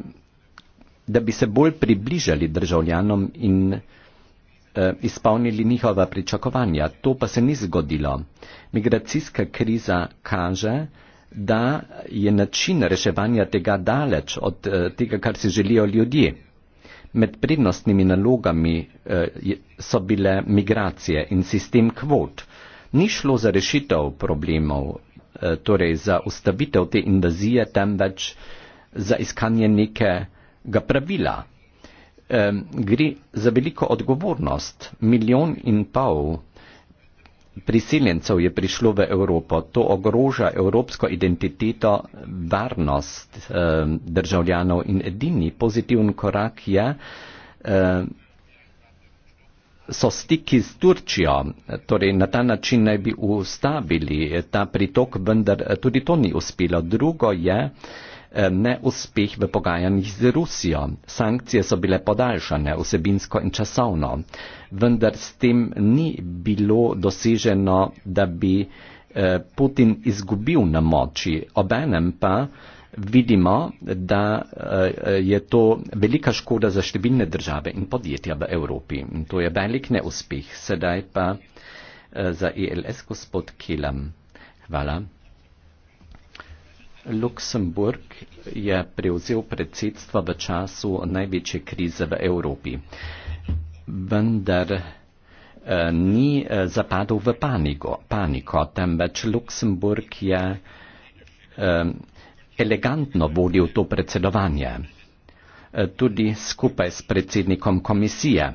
da bi se bolj približali državljanom in eh, izpolnili njihova pričakovanja. To pa se ni zgodilo. Migracijska kriza kaže, da je način reševanja tega daleč od eh, tega, kar si želijo ljudje. Med prednostnimi nalogami eh, so bile migracije in sistem kvot. Ni šlo za rešitev problemov, eh, torej za ustavitev te invazije, temveč za iskanje nekega pravila. Gre za veliko odgovornost. Milijon in pol priseljencev je prišlo v Evropo. To ogroža evropsko identiteto, varnost eh, državljanov in edini pozitiven korak je, eh, so stiki s Turčijo. Torej, na ta način naj bi ustavili ta pritok, vendar tudi to ni uspelo. Drugo je, eh, Eh, neuspeh v pogajanjih z Rusijo. Sankcije so bile podaljšane vsebinsko in časovno, vendar s tem ni bilo doseženo, da bi eh, Putin izgubil na moči. Obenem pa vidimo, da eh, je to velika škoda za številne države in podjetja v Evropi. To je velik neuspeh. Sedaj pa za ELS gospod Kelam. Hvala. Luksemburg je prevzel predsedstvo v času največje krize v Evropi, vendar eh, ni eh, zapadel v paniko, paniko temveč Luksemburg je eh, elegantno vodil to predsedovanje, tudi skupaj s predsednikom komisije.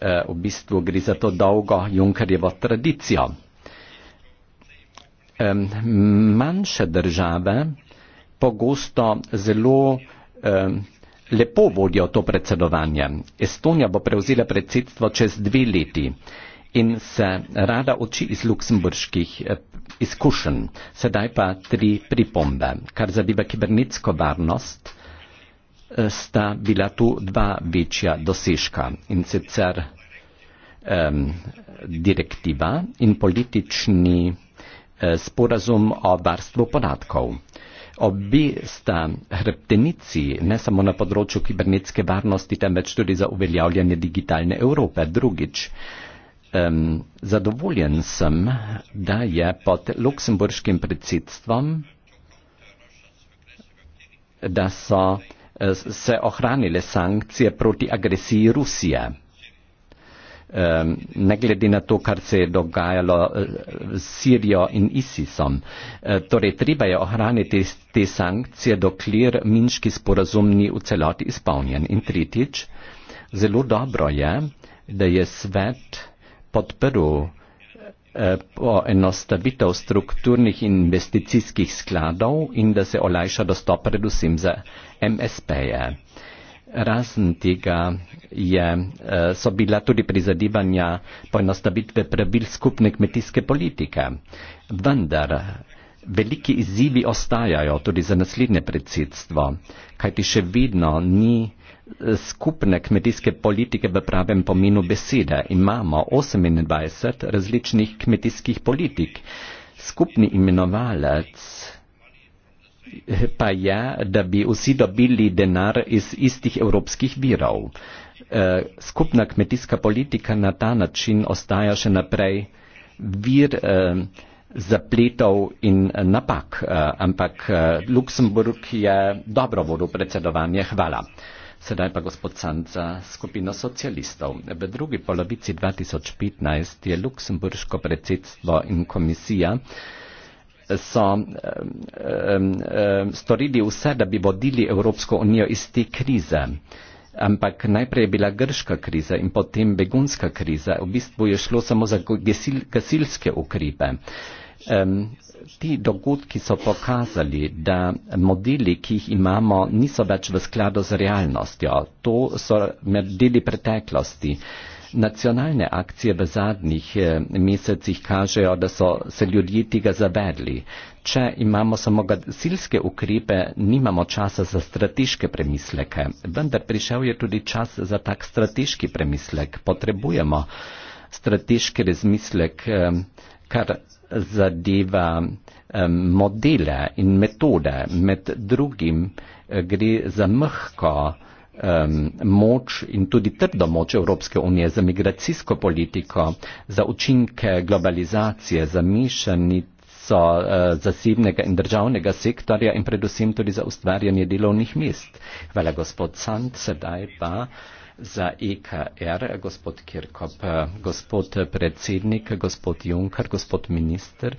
V bistvu gre za to dolgo Junkerjevo tradicijo manjše države pogosto zelo lepo vodijo to predsedovanje. Estonija bo prevzela predsedstvo čez dve leti in se rada uči iz luksemburških eh, izkušenj. Sedaj pa tri pripombe. Kar zadeva kibernetsko varnost, eh, sta bila tu dva večja dosežka in sicer um, direktiva in politični sporazum o varstvu podatkov. Obi sta hrbtenici ne samo na področju kibernetske varnosti, temveč tudi za uveljavljanje digitalne Evrope. Drugič, um, zadovoljen sem, da je pod luksemburškim predsedstvom, da so eh, se ohranile sankcije proti agresiji Rusije. Ehm, ne glede na to, kar se je dogajalo eh, s Sirijo in ISISom. Eh, torej, treba je ohraniti te sankcije, dokler minški sporazum ni v celoti izpolnjen. In tretjič, zelo dobro je, da je svet podprl eh, poenostavitev strukturnih investicijskih skladov in da se olajša dostop predvsem za MSP-je. Razen tega je, eh, so bila tudi prizadevanja poenostavitve pravil skupne kmetijske politike. Vendar veliki izzivi ostajajo tudi za naslednje predsedstvo, kajti še vedno ni eh, skupne kmetijske politike v pravem pomenu besede. Imamo 28 različnih kmetijskih politik. Skupni imenovalec pa je, ja, da bi vsi dobili denar iz istih evropskih virov. Eh, skupna kmetijska politika na ta način ostaja še naprej vir eh, zapletov in eh, napak, ampak Luksemburg je dobro vodil predsedovanje. Hvala. Sedaj pa gospod Sanca, skupina socialistov. V drugi polovici 2015 je Luksemburško predsedstvo in komisija so um, um, um, storili vse, da bi vodili Evropsko unijo iz te krize. Ampak najprej je bila grška kriza in potem begunska kriza. V bistvu je šlo samo za gesil, gasilske ukripe. Um, ti dogodki so pokazali, da modeli, ki jih imamo, niso več v skladu z realnostjo. To so modeli preteklosti. Uh, Nacionalne akcije v zadnjih eh, mesecih kažejo, da so se ljudje tega zavedli. Če imamo samo gasilske ukrepe, nimamo časa za strateške premisleke. Vendar prišel je tudi čas za tak strateški premislek. Potrebujemo strateški razmislek, eh, kar zadeva eh, modele in metode. Med drugim gre za mhko um, moč in tudi trdo moč Evropske unije za migracijsko politiko, za učinke globalizacije, za mišanico uh, eh, zasebnega in državnega sektorja in predvsem tudi za ustvarjanje delovnih mest. Hvala gospod Sand, sedaj pa za EKR, gospod Kirkop, gospod predsednik, gospod Juncker, gospod minister.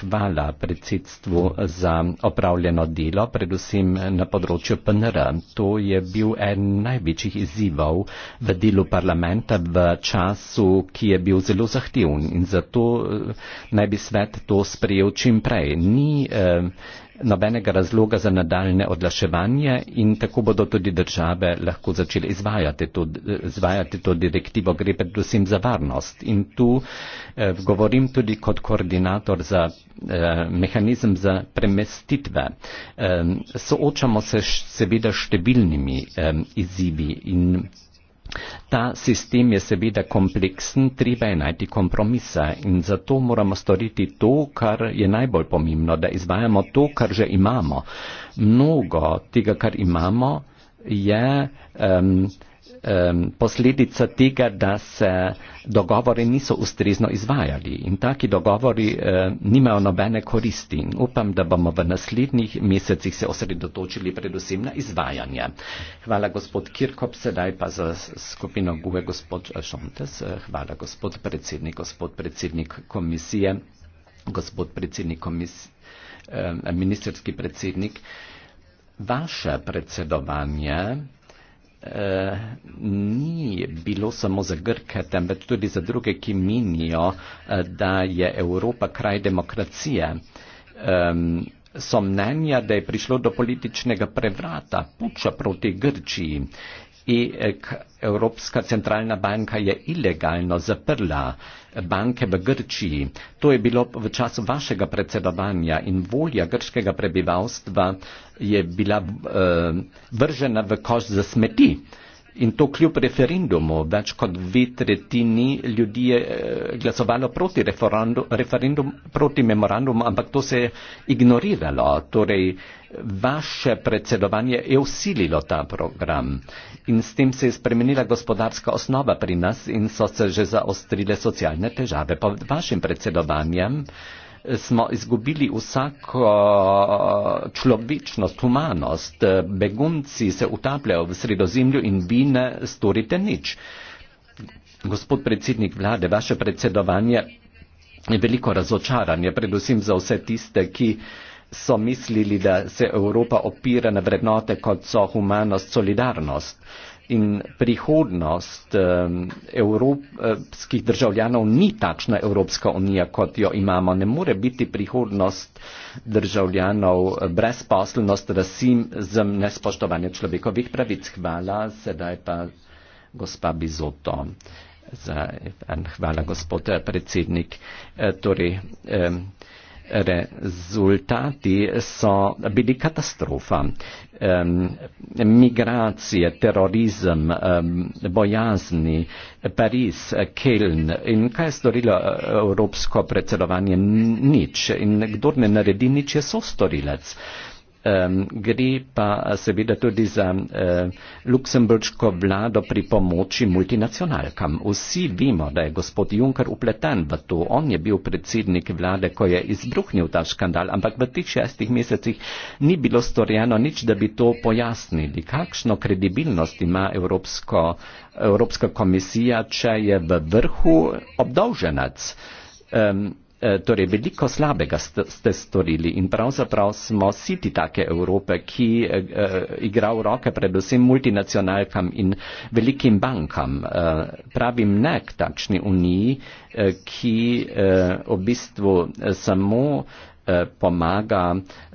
Hvala predsedstvu za opravljeno delo, predvsem na področju PNR. To je bil en največjih izzivov v delu parlamenta v času, ki je bil zelo zahteven in zato eh, naj bi svet to sprejel čim prej. Ni, eh, nobenega razloga za nadaljne odlaševanje in tako bodo tudi države lahko začele izvajati to, izvajati to direktivo. Gre predvsem za varnost in tu eh, govorim tudi kot koordinator za eh, mehanizem za premestitve. Eh, soočamo se seveda številnimi eh, izzivi in Ta sistem je seveda kompleksen, treba je najti kompromisa in zato moramo storiti to, kar je najbolj pomembno, da izvajamo to, kar že imamo. Mnogo tega, kar imamo, je. Um, um, posledica tega, da se dogovori niso ustrezno izvajali in taki dogovori um, nimajo nobene koristi. Upam, da bomo v naslednjih mesecih se osredotočili predvsem na izvajanje. Hvala gospod Kirkop, sedaj pa za skupino GUE gospod Šontes. E, hvala gospod predsednik, gospod predsednik komisije, gospod predsednik komisije, um, ministerski predsednik. Vaše predsedovanje Eh, ni bilo samo za Grke, temveč tudi za druge, ki menijo, eh, da je Evropa kraj demokracije. So mnenja, da je prišlo do političnega prevrata, puča proti Grčiji i eh, Evropska centralna banka je ilegalno zaprla banke v Grčiji. To je bilo v času vašega predsedovanja in volja grškega prebivalstva je bila uh, vržena v koš za smeti. Uh, In to kljub referendumu, več kot dve tretjini ljudi je eh, glasovalo proti referendum, referendum, proti memorandumu, ampak to se je ignoriralo. Torej, vaše predsedovanje je usililo ta program in s tem se je spremenila gospodarska osnova pri nas in so se že zaostrile socialne težave. Pod vašim predsedovanjem smo izgubili vsako eh, človečnost, humanost. Begunci se utapljajo v sredozemlju in vi ne storite nič. Gospod predsednik vlade, vaše predsedovanje je veliko razočaranje, predvsem za vse tiste, ki so mislili, da se Evropa opira na vrednote, kot so humanost, solidarnost in prihodnost um, evropskih državljanov ni takšna Evropska unija, kot jo imamo. Ne more biti prihodnost državljanov brezposelnost, rasizem, nespoštovanje človekovih pravic. Hvala, sedaj pa gospa Bizoto. Za, hvala, gospod eh, predsednik. E, torej, e, rezultati so bili katastrofa. Migracije, terorizem, bojazni, Pariz, Keln in kaj je storilo eh, evropsko predsedovanje? Nič. In kdor ne naredi nič, je sostorilec. Ehm, gre pa eh, seveda tudi za eh, luksemburško vlado pri pomoči multinacionalkam. Vsi vemo, da je gospod Juncker upleten v to. On je bil predsednik vlade, ko je izbruhnil ta škandal, ampak v tih šestih mesecih ni bilo storjeno nič, da bi to pojasnili. Kakšno kredibilnost ima Evropsko, Evropska komisija, če je v vrhu obdolženec? Ehm, Eh, torej veliko slabega ste, ste storili in pravzaprav smo siti take Evrope, ki eh, eh, igra v roke predvsem multinacionalkam in velikim bankam. Eh, pravim ne k takšni uniji, eh, ki eh, v bistvu eh, samo eh, pomaga,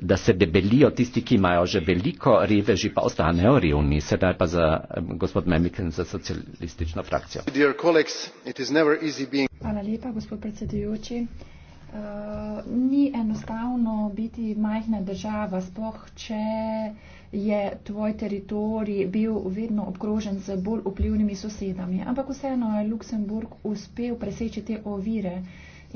da se debelijo tisti, ki imajo že veliko reveži, pa ostanejo revni. Sedaj pa za eh, gospod Memiken za socialistično frakcijo. Hvala lepa, gospod predsedujoči ni enostavno biti majhna država, spoh, če je tvoj teritorij bil vedno obkrožen z bolj vplivnimi sosedami. Ampak vseeno je Luksemburg uspel preseči te ovire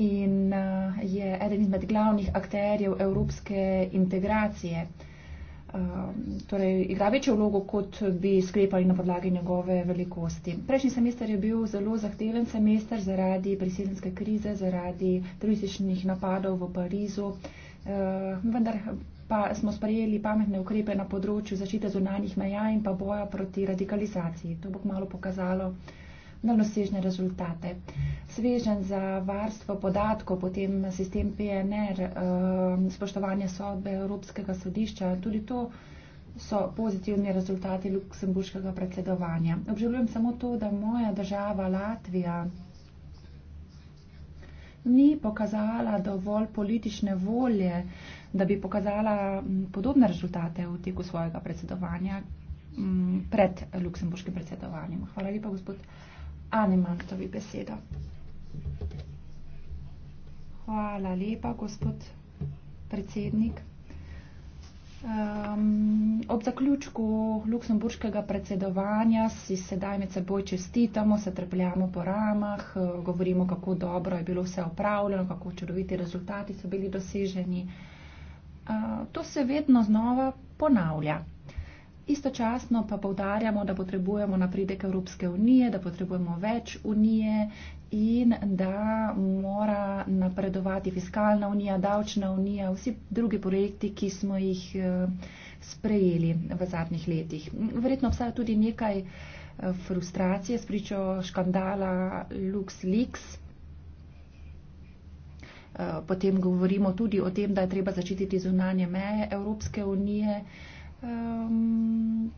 in eh, je eden izmed glavnih akterjev evropske integracije. Ehm, torej igra večjo vlogo, kot bi sklepali na podlagi njegove velikosti. Prejšnji semester je bil zelo zahteven semester zaradi presedenske krize, zaradi terorističnih napadov v Parizu, ehm, vendar pa smo sprejeli pametne ukrepe na področju zaščite zunanjih meja in pa boja proti radikalizaciji. To bo kmalo pokazalo daljnosežne rezultate. Svežen za varstvo podatkov, potem sistem PNR, eh, spoštovanje sodbe Evropskega sodišča, tudi to so pozitivni rezultati luksemburškega predsedovanja. Obžalujem samo to, da moja država Latvija ni pokazala dovolj politične volje, da bi pokazala mm, podobne rezultate v teku svojega predsedovanja mm, pred luksemburškim predsedovanjem. Hvala lepa, gospod. Ani Manktovi besedo. Hvala lepa, gospod predsednik. Um, ob zaključku luksemburškega predsedovanja si sedaj med seboj čestitamo, se trpljamo po ramah, govorimo, kako dobro je bilo vse upravljeno, kako čudoviti rezultati so bili doseženi. Uh, to se vedno znova ponavlja. Istočasno pa povdarjamo, da potrebujemo napredek Evropske unije, da potrebujemo več unije in da mora napredovati fiskalna unija, davčna unija, vsi drugi projekti, ki smo jih eh, sprejeli v zadnjih letih. Verjetno obstaja tudi nekaj eh, frustracije s pričo škandala LuxLeaks. Eh, potem govorimo tudi o tem, da je treba začititi zunanje meje Evropske unije. Um,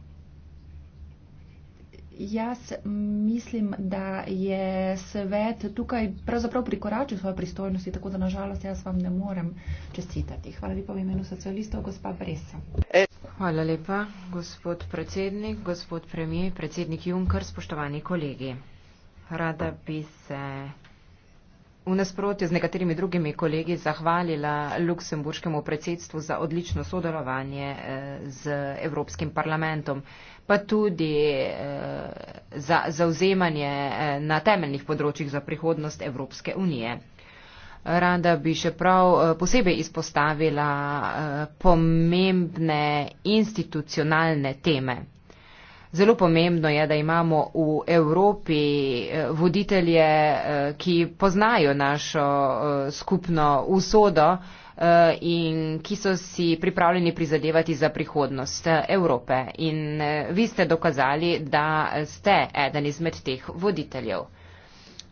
jaz mislim, da je svet tukaj pravzaprav prikoračil svoje pristojnosti, tako da nažalost jaz vam ne morem čestitati. Hvala lepa v imenu socialistov, gospa Bresa. Hvala lepa, gospod predsednik, gospod premijer, predsednik Juncker, spoštovani kolegi. Rada bi se v nasprotju z nekaterimi drugimi kolegi zahvalila luksemburškemu predsedstvu za odlično sodelovanje eh, z Evropskim parlamentom, pa tudi eh, za zauzemanje eh, na temeljnih področjih za prihodnost Evropske unije. Rada bi še prav posebej izpostavila pomembne institucionalne teme. Zelo pomembno je, da imamo v Evropi eh, voditelje, eh, ki poznajo našo eh, skupno usodo in ki so si pripravljeni prizadevati za prihodnost Evrope. In vi ste dokazali, da ste eden izmed teh voditeljev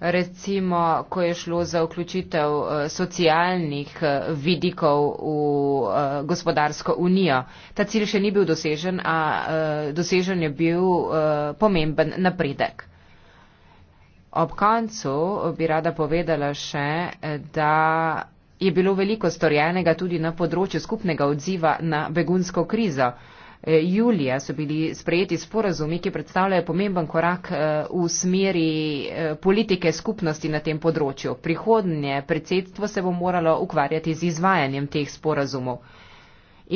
recimo, ko je šlo za vključitev eh, socialnih eh, vidikov v eh, gospodarsko unijo. Ta cilj še ni bil dosežen, a dosežen je bil pomemben napredek. Ob koncu bi rada povedala še, da je bilo veliko storjenega tudi na področju skupnega odziva na begunsko krizo. Eh, julija so bili sprejeti sporazumi, ki predstavljajo pomemben korak eh, v smeri eh, politike skupnosti na tem področju. Prihodnje predsedstvo se bo moralo ukvarjati z izvajanjem teh sporazumov.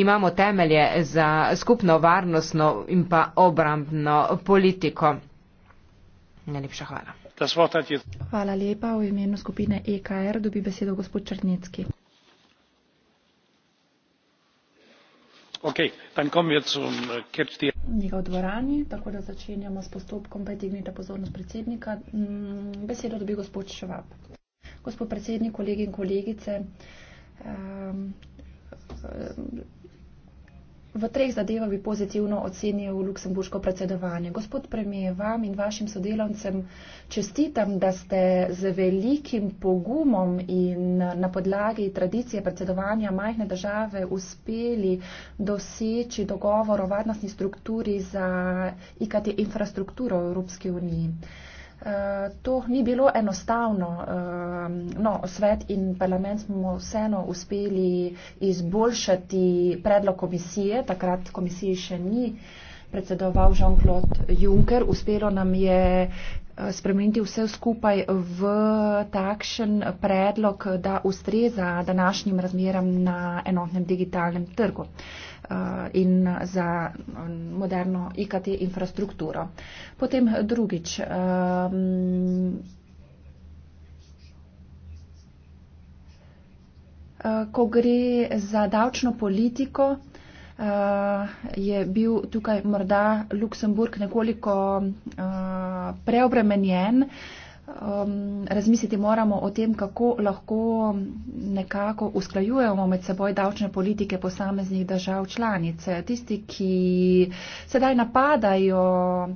Imamo temelje za skupno varnostno in pa obrambno politiko. Najlepša hvala. Hvala lepa. V imenu skupine EKR dobi besedo gospod Črnecki. Äh, njega v dvorani, tako da začenjamo s postopkom petih minut pozornost predsednika. Mm, besedo dobi gospod Šovab. Gospod predsednik, kolegi in kolegice, ehm, V treh zadevah bi pozitivno ocenil luksemburško predsedovanje. Gospod premije, vam in vašim sodelavcem čestitam, da ste z velikim pogumom in na podlagi tradicije predsedovanja majhne države uspeli doseči dogovor o varnostni strukturi za IKT infrastrukturo v Evropski uniji. Eh, to ni bilo enostavno. Eh, no, svet in parlament smo vseeno uspeli izboljšati predlog komisije. Takrat komisiji še ni predsedoval Jean-Claude Juncker. Uspelo nam je eh, spremeniti vse skupaj v takšen predlog, da ustreza današnjim razmeram na enotnem digitalnem trgu. Uh, Eh, in za eh, moderno IKT infrastrukturo. Potem drugič. Eh, ko gre za davčno politiko, je bil tukaj morda Luksemburg nekoliko preobremenjen um, razmisliti moramo o tem, kako lahko nekako usklajujemo med seboj davčne politike posameznih držav članice. Tisti, ki sedaj napadajo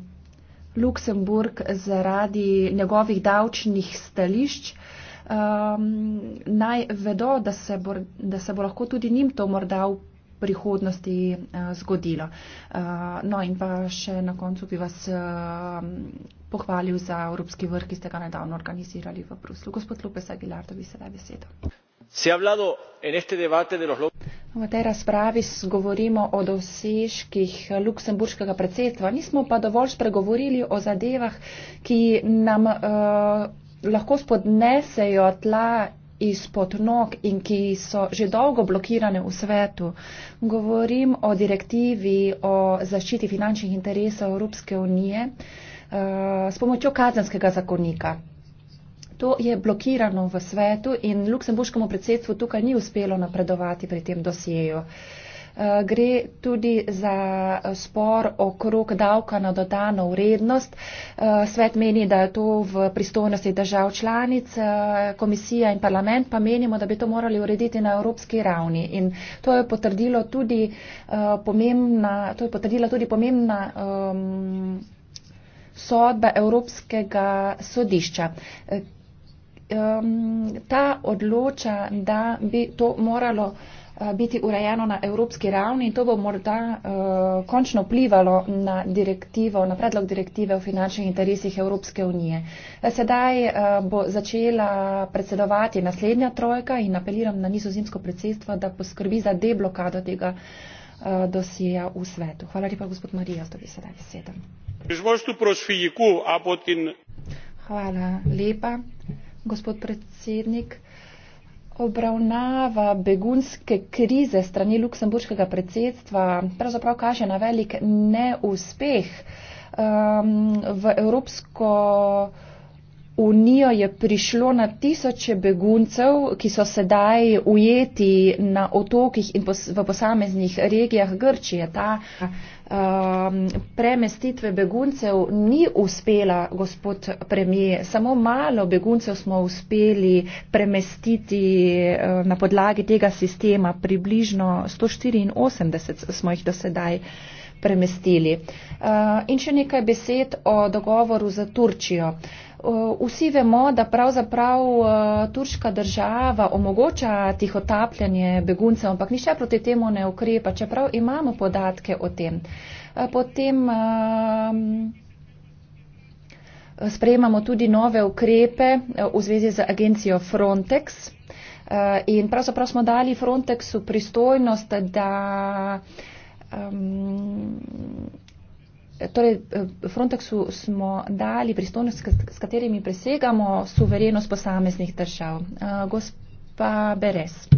Luksemburg zaradi njegovih davčnih stališč, um, naj vedo, da se, bo, da se bo lahko tudi njim to morda upravljalo prihodnosti eh, zgodilo. Eh, no in pa še na koncu bi vas eh, pohvalil za Evropski vrh, ki ste ga nedavno organizirali v Bruslu. Gospod Lopes Aguilar, da bi se daj besedo. V tej razpravi govorimo o dosežkih luksemburškega predsedstva, nismo pa dovolj spregovorili o zadevah, ki nam uh, lahko spodnesejo tla izpod nog in ki so že dolgo blokirane v svetu. Govorim o direktivi o zaščiti finančnih interesov Evropske unije eh, s pomočjo kazanskega zakonika. To je blokirano v svetu in luksemburškemu predsedstvu tukaj ni uspelo napredovati pri tem dosjeju. Uh, Eh, gre tudi za spor okrog davka na dodano vrednost. Eh, svet meni, da je to v pristojnosti držav članic, eh, komisija in parlament pa menimo, da bi to morali urediti na evropski ravni. In to je potrdilo tudi pomembna, to je potrdila tudi pomembna. Um, ehm, sodbe Evropskega sodišča. Ehm, ta odloča, da bi to moralo Eh, biti urejeno na evropski ravni in to bo morda uh, končno vplivalo na, na predlog direktive o finančnih interesih Evropske unije. Eh, sedaj uh, bo začela predsedovati naslednja trojka in apeliram na nizozemsko predsedstvo, da poskrbi za deblokado tega uh, dosija v svetu. Hvala lepa, gospod Marija, da bi sedaj sedel. Hvala lepa, gospod predsednik obravnava begunske krize strani luksemburškega predsedstva pravzaprav kaže na velik neuspeh. Um, v Evropsko unijo je prišlo na tisoče beguncev, ki so sedaj ujeti na otokih in pos v posameznih regijah Grčije. Ta um, premestitve beguncev ni uspela, gospod premije. Samo malo beguncev smo uspeli premestiti uh, na podlagi tega sistema. Približno 184 smo jih do sedaj premestili. Uh, in še nekaj besed o dogovoru za Turčijo. Uh, Eh, vsi vemo, da pravzaprav eh, turška država omogoča tihotapljanje beguncev, ampak nišče proti temu ne ukrepa, čeprav imamo podatke o tem. Eh, potem sprejemamo tudi nove ukrepe v zvezi z agencijo Frontex. In pravzaprav smo dali Frontexu pristojnost, da um, Torej, eh, Frontexu smo dali pristojnost, s katerimi presegamo suverenost posameznih držav. Eh, gospa Beres.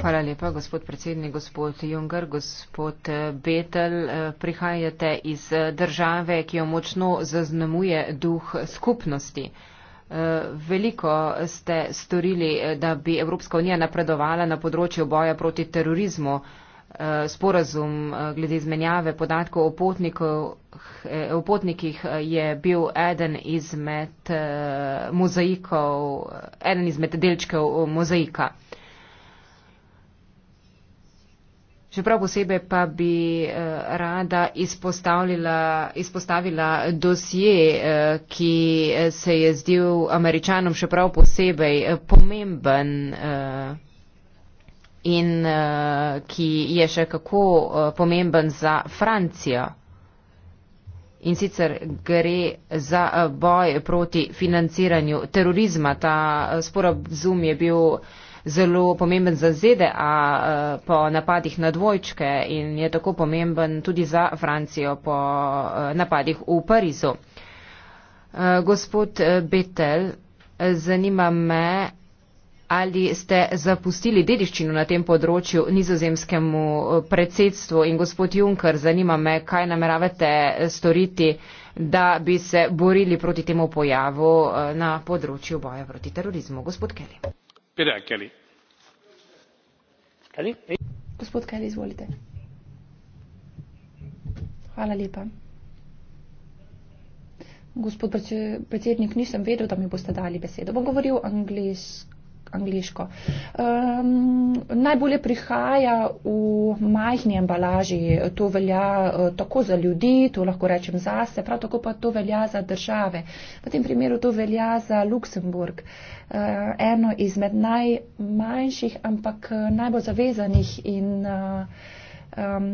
Hvala lepa, gospod predsednik, gospod Junger, gospod eh, Betel. Prihajate iz države, ki jo močno zaznamuje duh skupnosti. Veliko ste storili, da bi Evropska unija napredovala na področju boja proti terorizmu. Eh, sporazum eh, glede izmenjave podatkov o, potnikov, eh, o potnikih je bil eden izmed mozaikov, eden izmed delčkov mozaika. Še prav posebej pa bi rada izpostavila, izpostavila dosje, ki se je zdel američanom še prav posebej pomemben in uh, ki je še kako uh, pomemben za Francijo. In sicer gre za uh, boj proti financiranju terorizma. Ta uh, sporazum je bil zelo pomemben za ZDA uh, po napadih na dvojčke in je tako pomemben tudi za Francijo po uh, napadih v Parizu. Uh, gospod Betel, zanima me, Ali ste zapustili dediščino na tem področju nizozemskemu eh, predsedstvu in gospod Juncker, zanima me, kaj nameravate eh, storiti, da bi se borili proti temu pojavu eh, na področju boja proti terorizmu. Gospod Kelly. Peter Kelly. Kelly? Gospod Kelly, izvolite. Hvala lepa. Gospod predsednik, nisem vedel, da mi boste dali besedo. Bom govoril angliško angliško. Um, najbolje prihaja v majhni embalaži. To velja uh, tako za ljudi, to lahko rečem zase, prav tako pa to velja za države. V tem primeru to velja za Luksemburg. Uh, eno izmed najmanjših, ampak e, najbolj zavezanih in uh, um,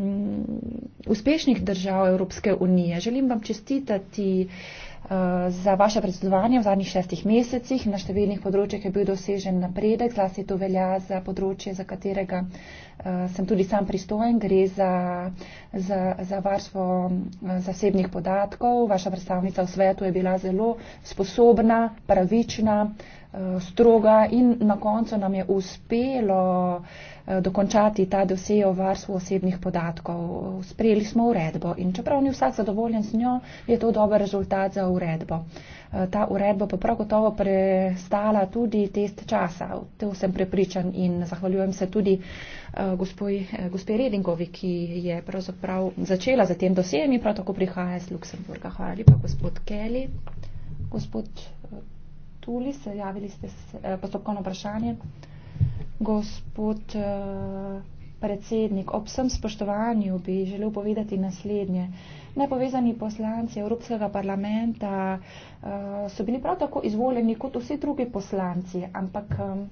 uspešnih držav Evropske unije. Želim vam čestitati. Uh, Eh, za vaše predsedovanje v zadnjih šestih mesecih. Na številnih področjih je bil dosežen napredek, zlasti to velja za področje, za katerega eh, sem tudi sam pristojen. Gre za, za, za varstvo eh, zasebnih podatkov. Vaša predstavnica v svetu je bila zelo sposobna, pravična, stroga in na koncu nam je uspelo Eh, dokončati ta dosejo varstvo osebnih podatkov. Sprejeli smo uredbo in čeprav ni vsak zadovoljen z njo, je to dober rezultat za uredbo. Eh, ta uredba pa prav gotovo prestala tudi test časa. To sem prepričan in zahvaljujem se tudi eh, gospe Redingovi, ki je pravzaprav začela za tem dosejem in prav tako prihaja iz Luksemburga. Hvala lepa, gospod Kelly. Gospod Tulis, javili ste se, postopkovno vprašanje. Gospod uh, predsednik, ob vsem spoštovanju bi želel povedati naslednje. Nepovezani poslanci Evropskega parlamenta uh, so bili prav tako izvoljeni kot vsi drugi poslanci, ampak um,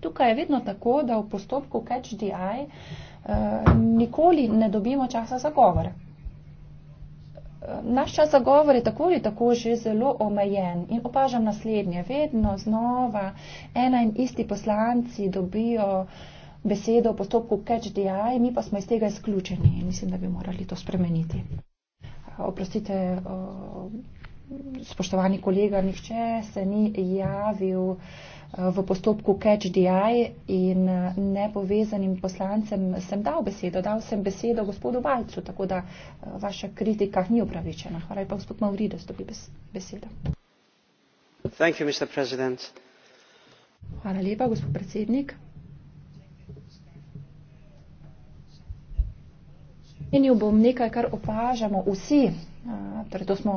tukaj je vedno tako, da v postopku catch the eye uh, nikoli ne dobimo časa za govor. Naš čas za govor je tako ali tako že zelo omejen in opažam naslednje. Vedno znova ena in isti poslanci dobijo besedo v postopku catch the eye, mi pa smo iz tega izključeni in mislim, da bi morali to spremeniti. Oprostite, spoštovani kolega, nihče se ni javil v postopku Catch DI in nepovezanim poslancem sem dal besedo, dal sem besedo gospodu Valcu, tako da vaša kritika ni upravičena. Hvala lepa, gospod Mauridis, dobi besedo. Thank you, Mr. President. Hvala lepa, gospod predsednik. Menil bom nekaj, kar opažamo vsi Torej, to smo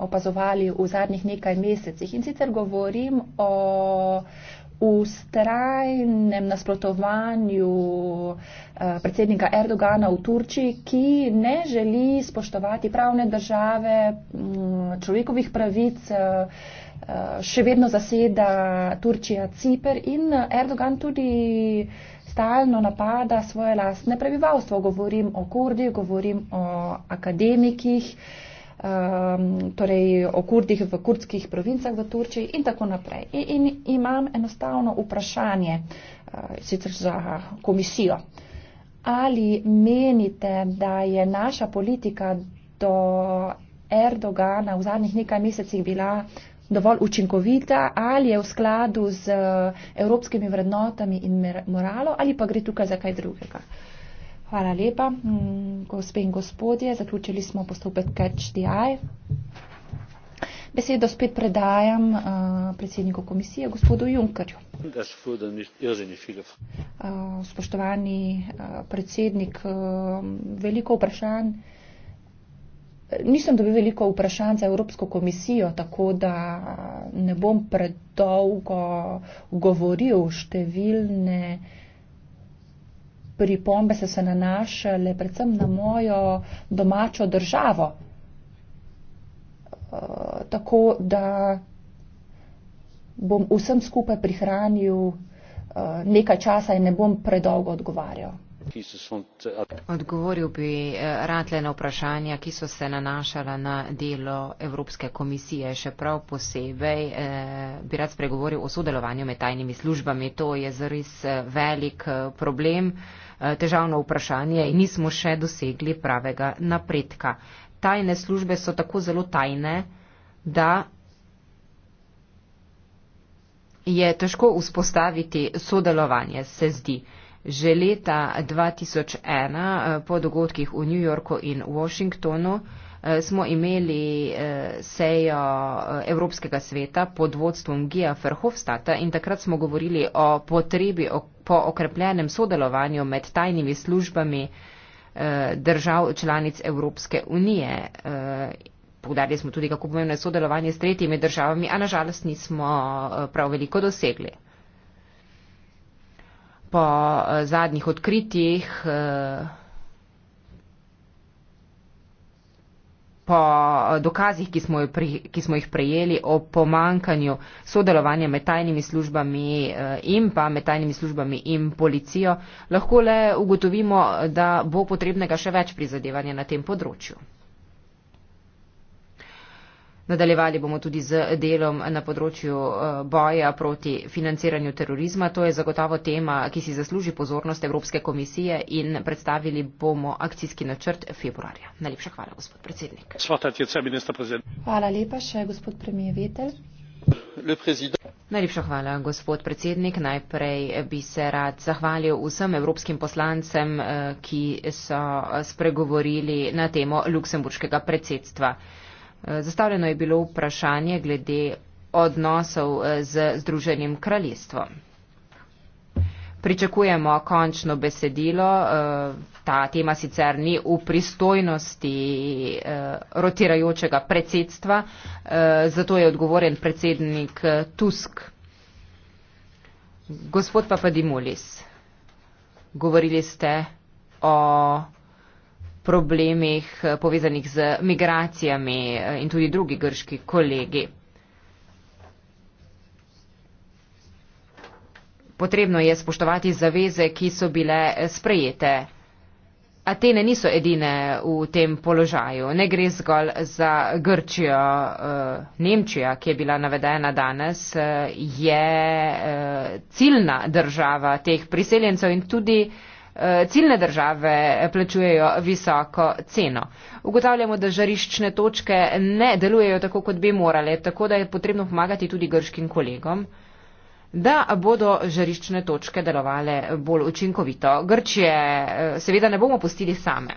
opazovali v zadnjih nekaj mesecih in sicer govorim o ustrajnem nasprotovanju predsednika Erdogana v Turčiji, ki ne želi spoštovati pravne države, človekovih pravic, še vedno zaseda Turčija Ciper in Erdogan tudi stalno napada svoje lastne prebivalstvo. Govorim o kurdih, govorim o akademikih, um, torej o kurdih v kurdskih provincah v Turčiji in tako naprej. In, in imam enostavno vprašanje, uh, sicer za komisijo. Ali menite, da je naša politika do Erdogana v zadnjih nekaj mesecih bila uh, dovolj učinkovita, ali je v skladu z eh, evropskimi vrednotami in moralo, ali pa gre tukaj za kaj drugega. Hvala lepa, mm, gospe in gospodje, zaključili smo postopek CatchDI. Besedo spet predajam uh, predsedniku komisije, gospodu Junkerju. Uh, spoštovani uh, predsednik, uh, veliko vprašanj. Nisem dobil veliko vprašanj za Evropsko komisijo, tako da eh, ne bom predolgo govoril. Številne pripombe so se nanašale predvsem na mojo domačo državo. Eh, tako da bom vsem skupaj prihranil eh, nekaj časa in ne bom predolgo odgovarjal odgovoril bi eh, rad le na vprašanja, ki so se nanašala na delo Evropske komisije. Še prav posebej eh, bi rad spregovoril o sodelovanju med tajnimi službami. To je zares eh, velik problem, težavno vprašanje in nismo še dosegli pravega napredka. Tajne službe so tako zelo tajne, da je težko vzpostaviti sodelovanje, se zdi že leta 2001 eh, po dogodkih v New Yorku in Washingtonu eh, smo imeli eh, sejo Evropskega sveta pod vodstvom Gija Ferhofstata in takrat smo govorili o potrebi po okrepljenem sodelovanju med tajnimi službami držav članic Evropske unije. Povdarili smo tudi, kako pomembno je sodelovanje s tretjimi državami, a nažalost nismo prav veliko dosegli po eh, zadnjih odkritjih, eh, po eh, dokazih, ki smo, pri, ki smo jih prejeli o pomankanju sodelovanja med tajnimi službami in pa med tajnimi službami in policijo, lahko le ugotovimo, da bo potrebnega še več prizadevanja na tem področju. Nadaljevali bomo tudi z delom na področju eh, boja proti financiranju terorizma. To je zagotovo tema, ki si zasluži pozornost Evropske komisije in predstavili bomo akcijski načrt februarja. Najlepša hvala, gospod predsednik. Hvala lepa še, gospod premije Vetel. Najlepša hvala, gospod predsednik. Najprej bi se rad zahvalil vsem evropskim poslancem, eh, ki so eh, spregovorili na temo luksemburškega predsedstva. Zastavljeno je bilo vprašanje glede odnosov eh, z Združenim kraljestvom. Pričakujemo končno besedilo. Eh, ta tema sicer ni v pristojnosti eh, rotirajočega predsedstva, zato je odgovoren predsednik Tusk. Gospod Papadimulis, govorili ste o problemih eh, povezanih z migracijami eh, in tudi drugi grški kolegi. Potrebno je spoštovati zaveze, ki so bile eh, sprejete. Atene niso edine v tem položaju. Ne gre zgolj za Grčijo. Nemčija, ki je bila navedena danes, je ciljna država teh priseljencev in tudi uh, Eh, ciljne države plačujejo visoko ceno. Ugotavljamo, da žariščne točke ne delujejo tako, kot bi morale, tako da je potrebno pomagati tudi grškim kolegom, da bodo žariščne točke delovale bolj učinkovito. Grčije eh, seveda ne bomo pustili same.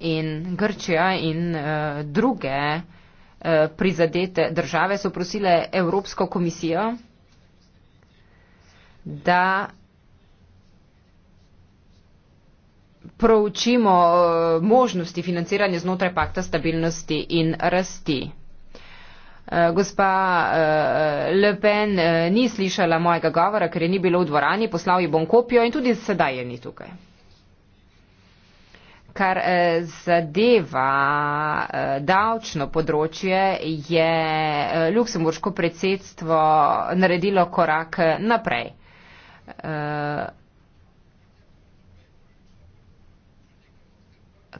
In Grčija in uh, druge uh, prizadete države so prosile Evropsko komisijo, da proučimo eh, možnosti financiranja znotraj pakta stabilnosti in rasti. Eh, gospa eh, Le Pen ni slišala mojega govora, ker je ni bilo v dvorani, poslal ji bom kopijo in tudi sedaj je ni tukaj. Kar zadeva davčno področje, je luksemburško predsedstvo naredilo korak naprej.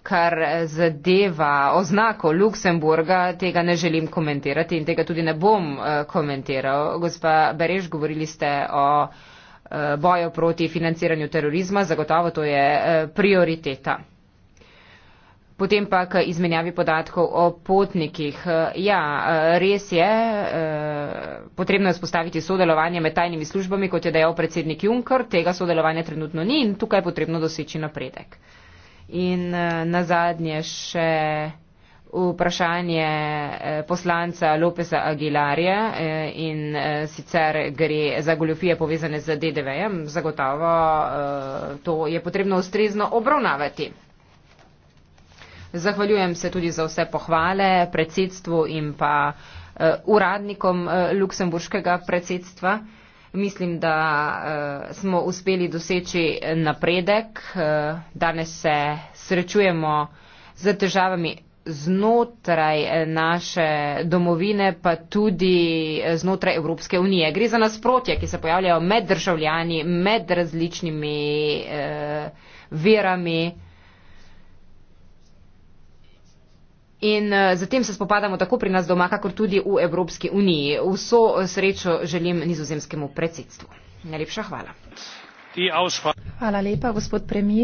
kar zadeva oznako Luksemburga, tega ne želim komentirati in tega tudi ne bom eh, komentiral. Gospa Bereš, govorili ste o eh, bojo proti financiranju terorizma, zagotovo to je eh, prioriteta. Potem pa k izmenjavi podatkov o potnikih. Ja, res je, potrebno je spostaviti sodelovanje med tajnimi službami, kot je dejal predsednik Juncker, tega sodelovanja trenutno ni in tukaj je potrebno doseči napredek. In eh, na zadnje še vprašanje eh, poslanca Lopeza Aguilarja eh, in sicer gre za goljofije povezane z DDV-jem, zagotovo to je potrebno ustrezno obravnavati. Zahvaljujem se tudi za vse pohvale predsedstvu in pa uradnikom luksemburškega predsedstva. Mislim, da uh, smo uspeli doseči napredek. Uh, danes se srečujemo z težavami znotraj eh, naše domovine, pa tudi znotraj Evropske unije. Gre za nasprotje, ki se pojavljajo med državljani, med različnimi uh, verami. In z eh, tem se spopadamo tako pri nas doma, kakor tudi v Evropski uniji. Vso srečo želim nizozemskemu predsedstvu. Najlepša hvala. Hvala lepa, gospod premijer.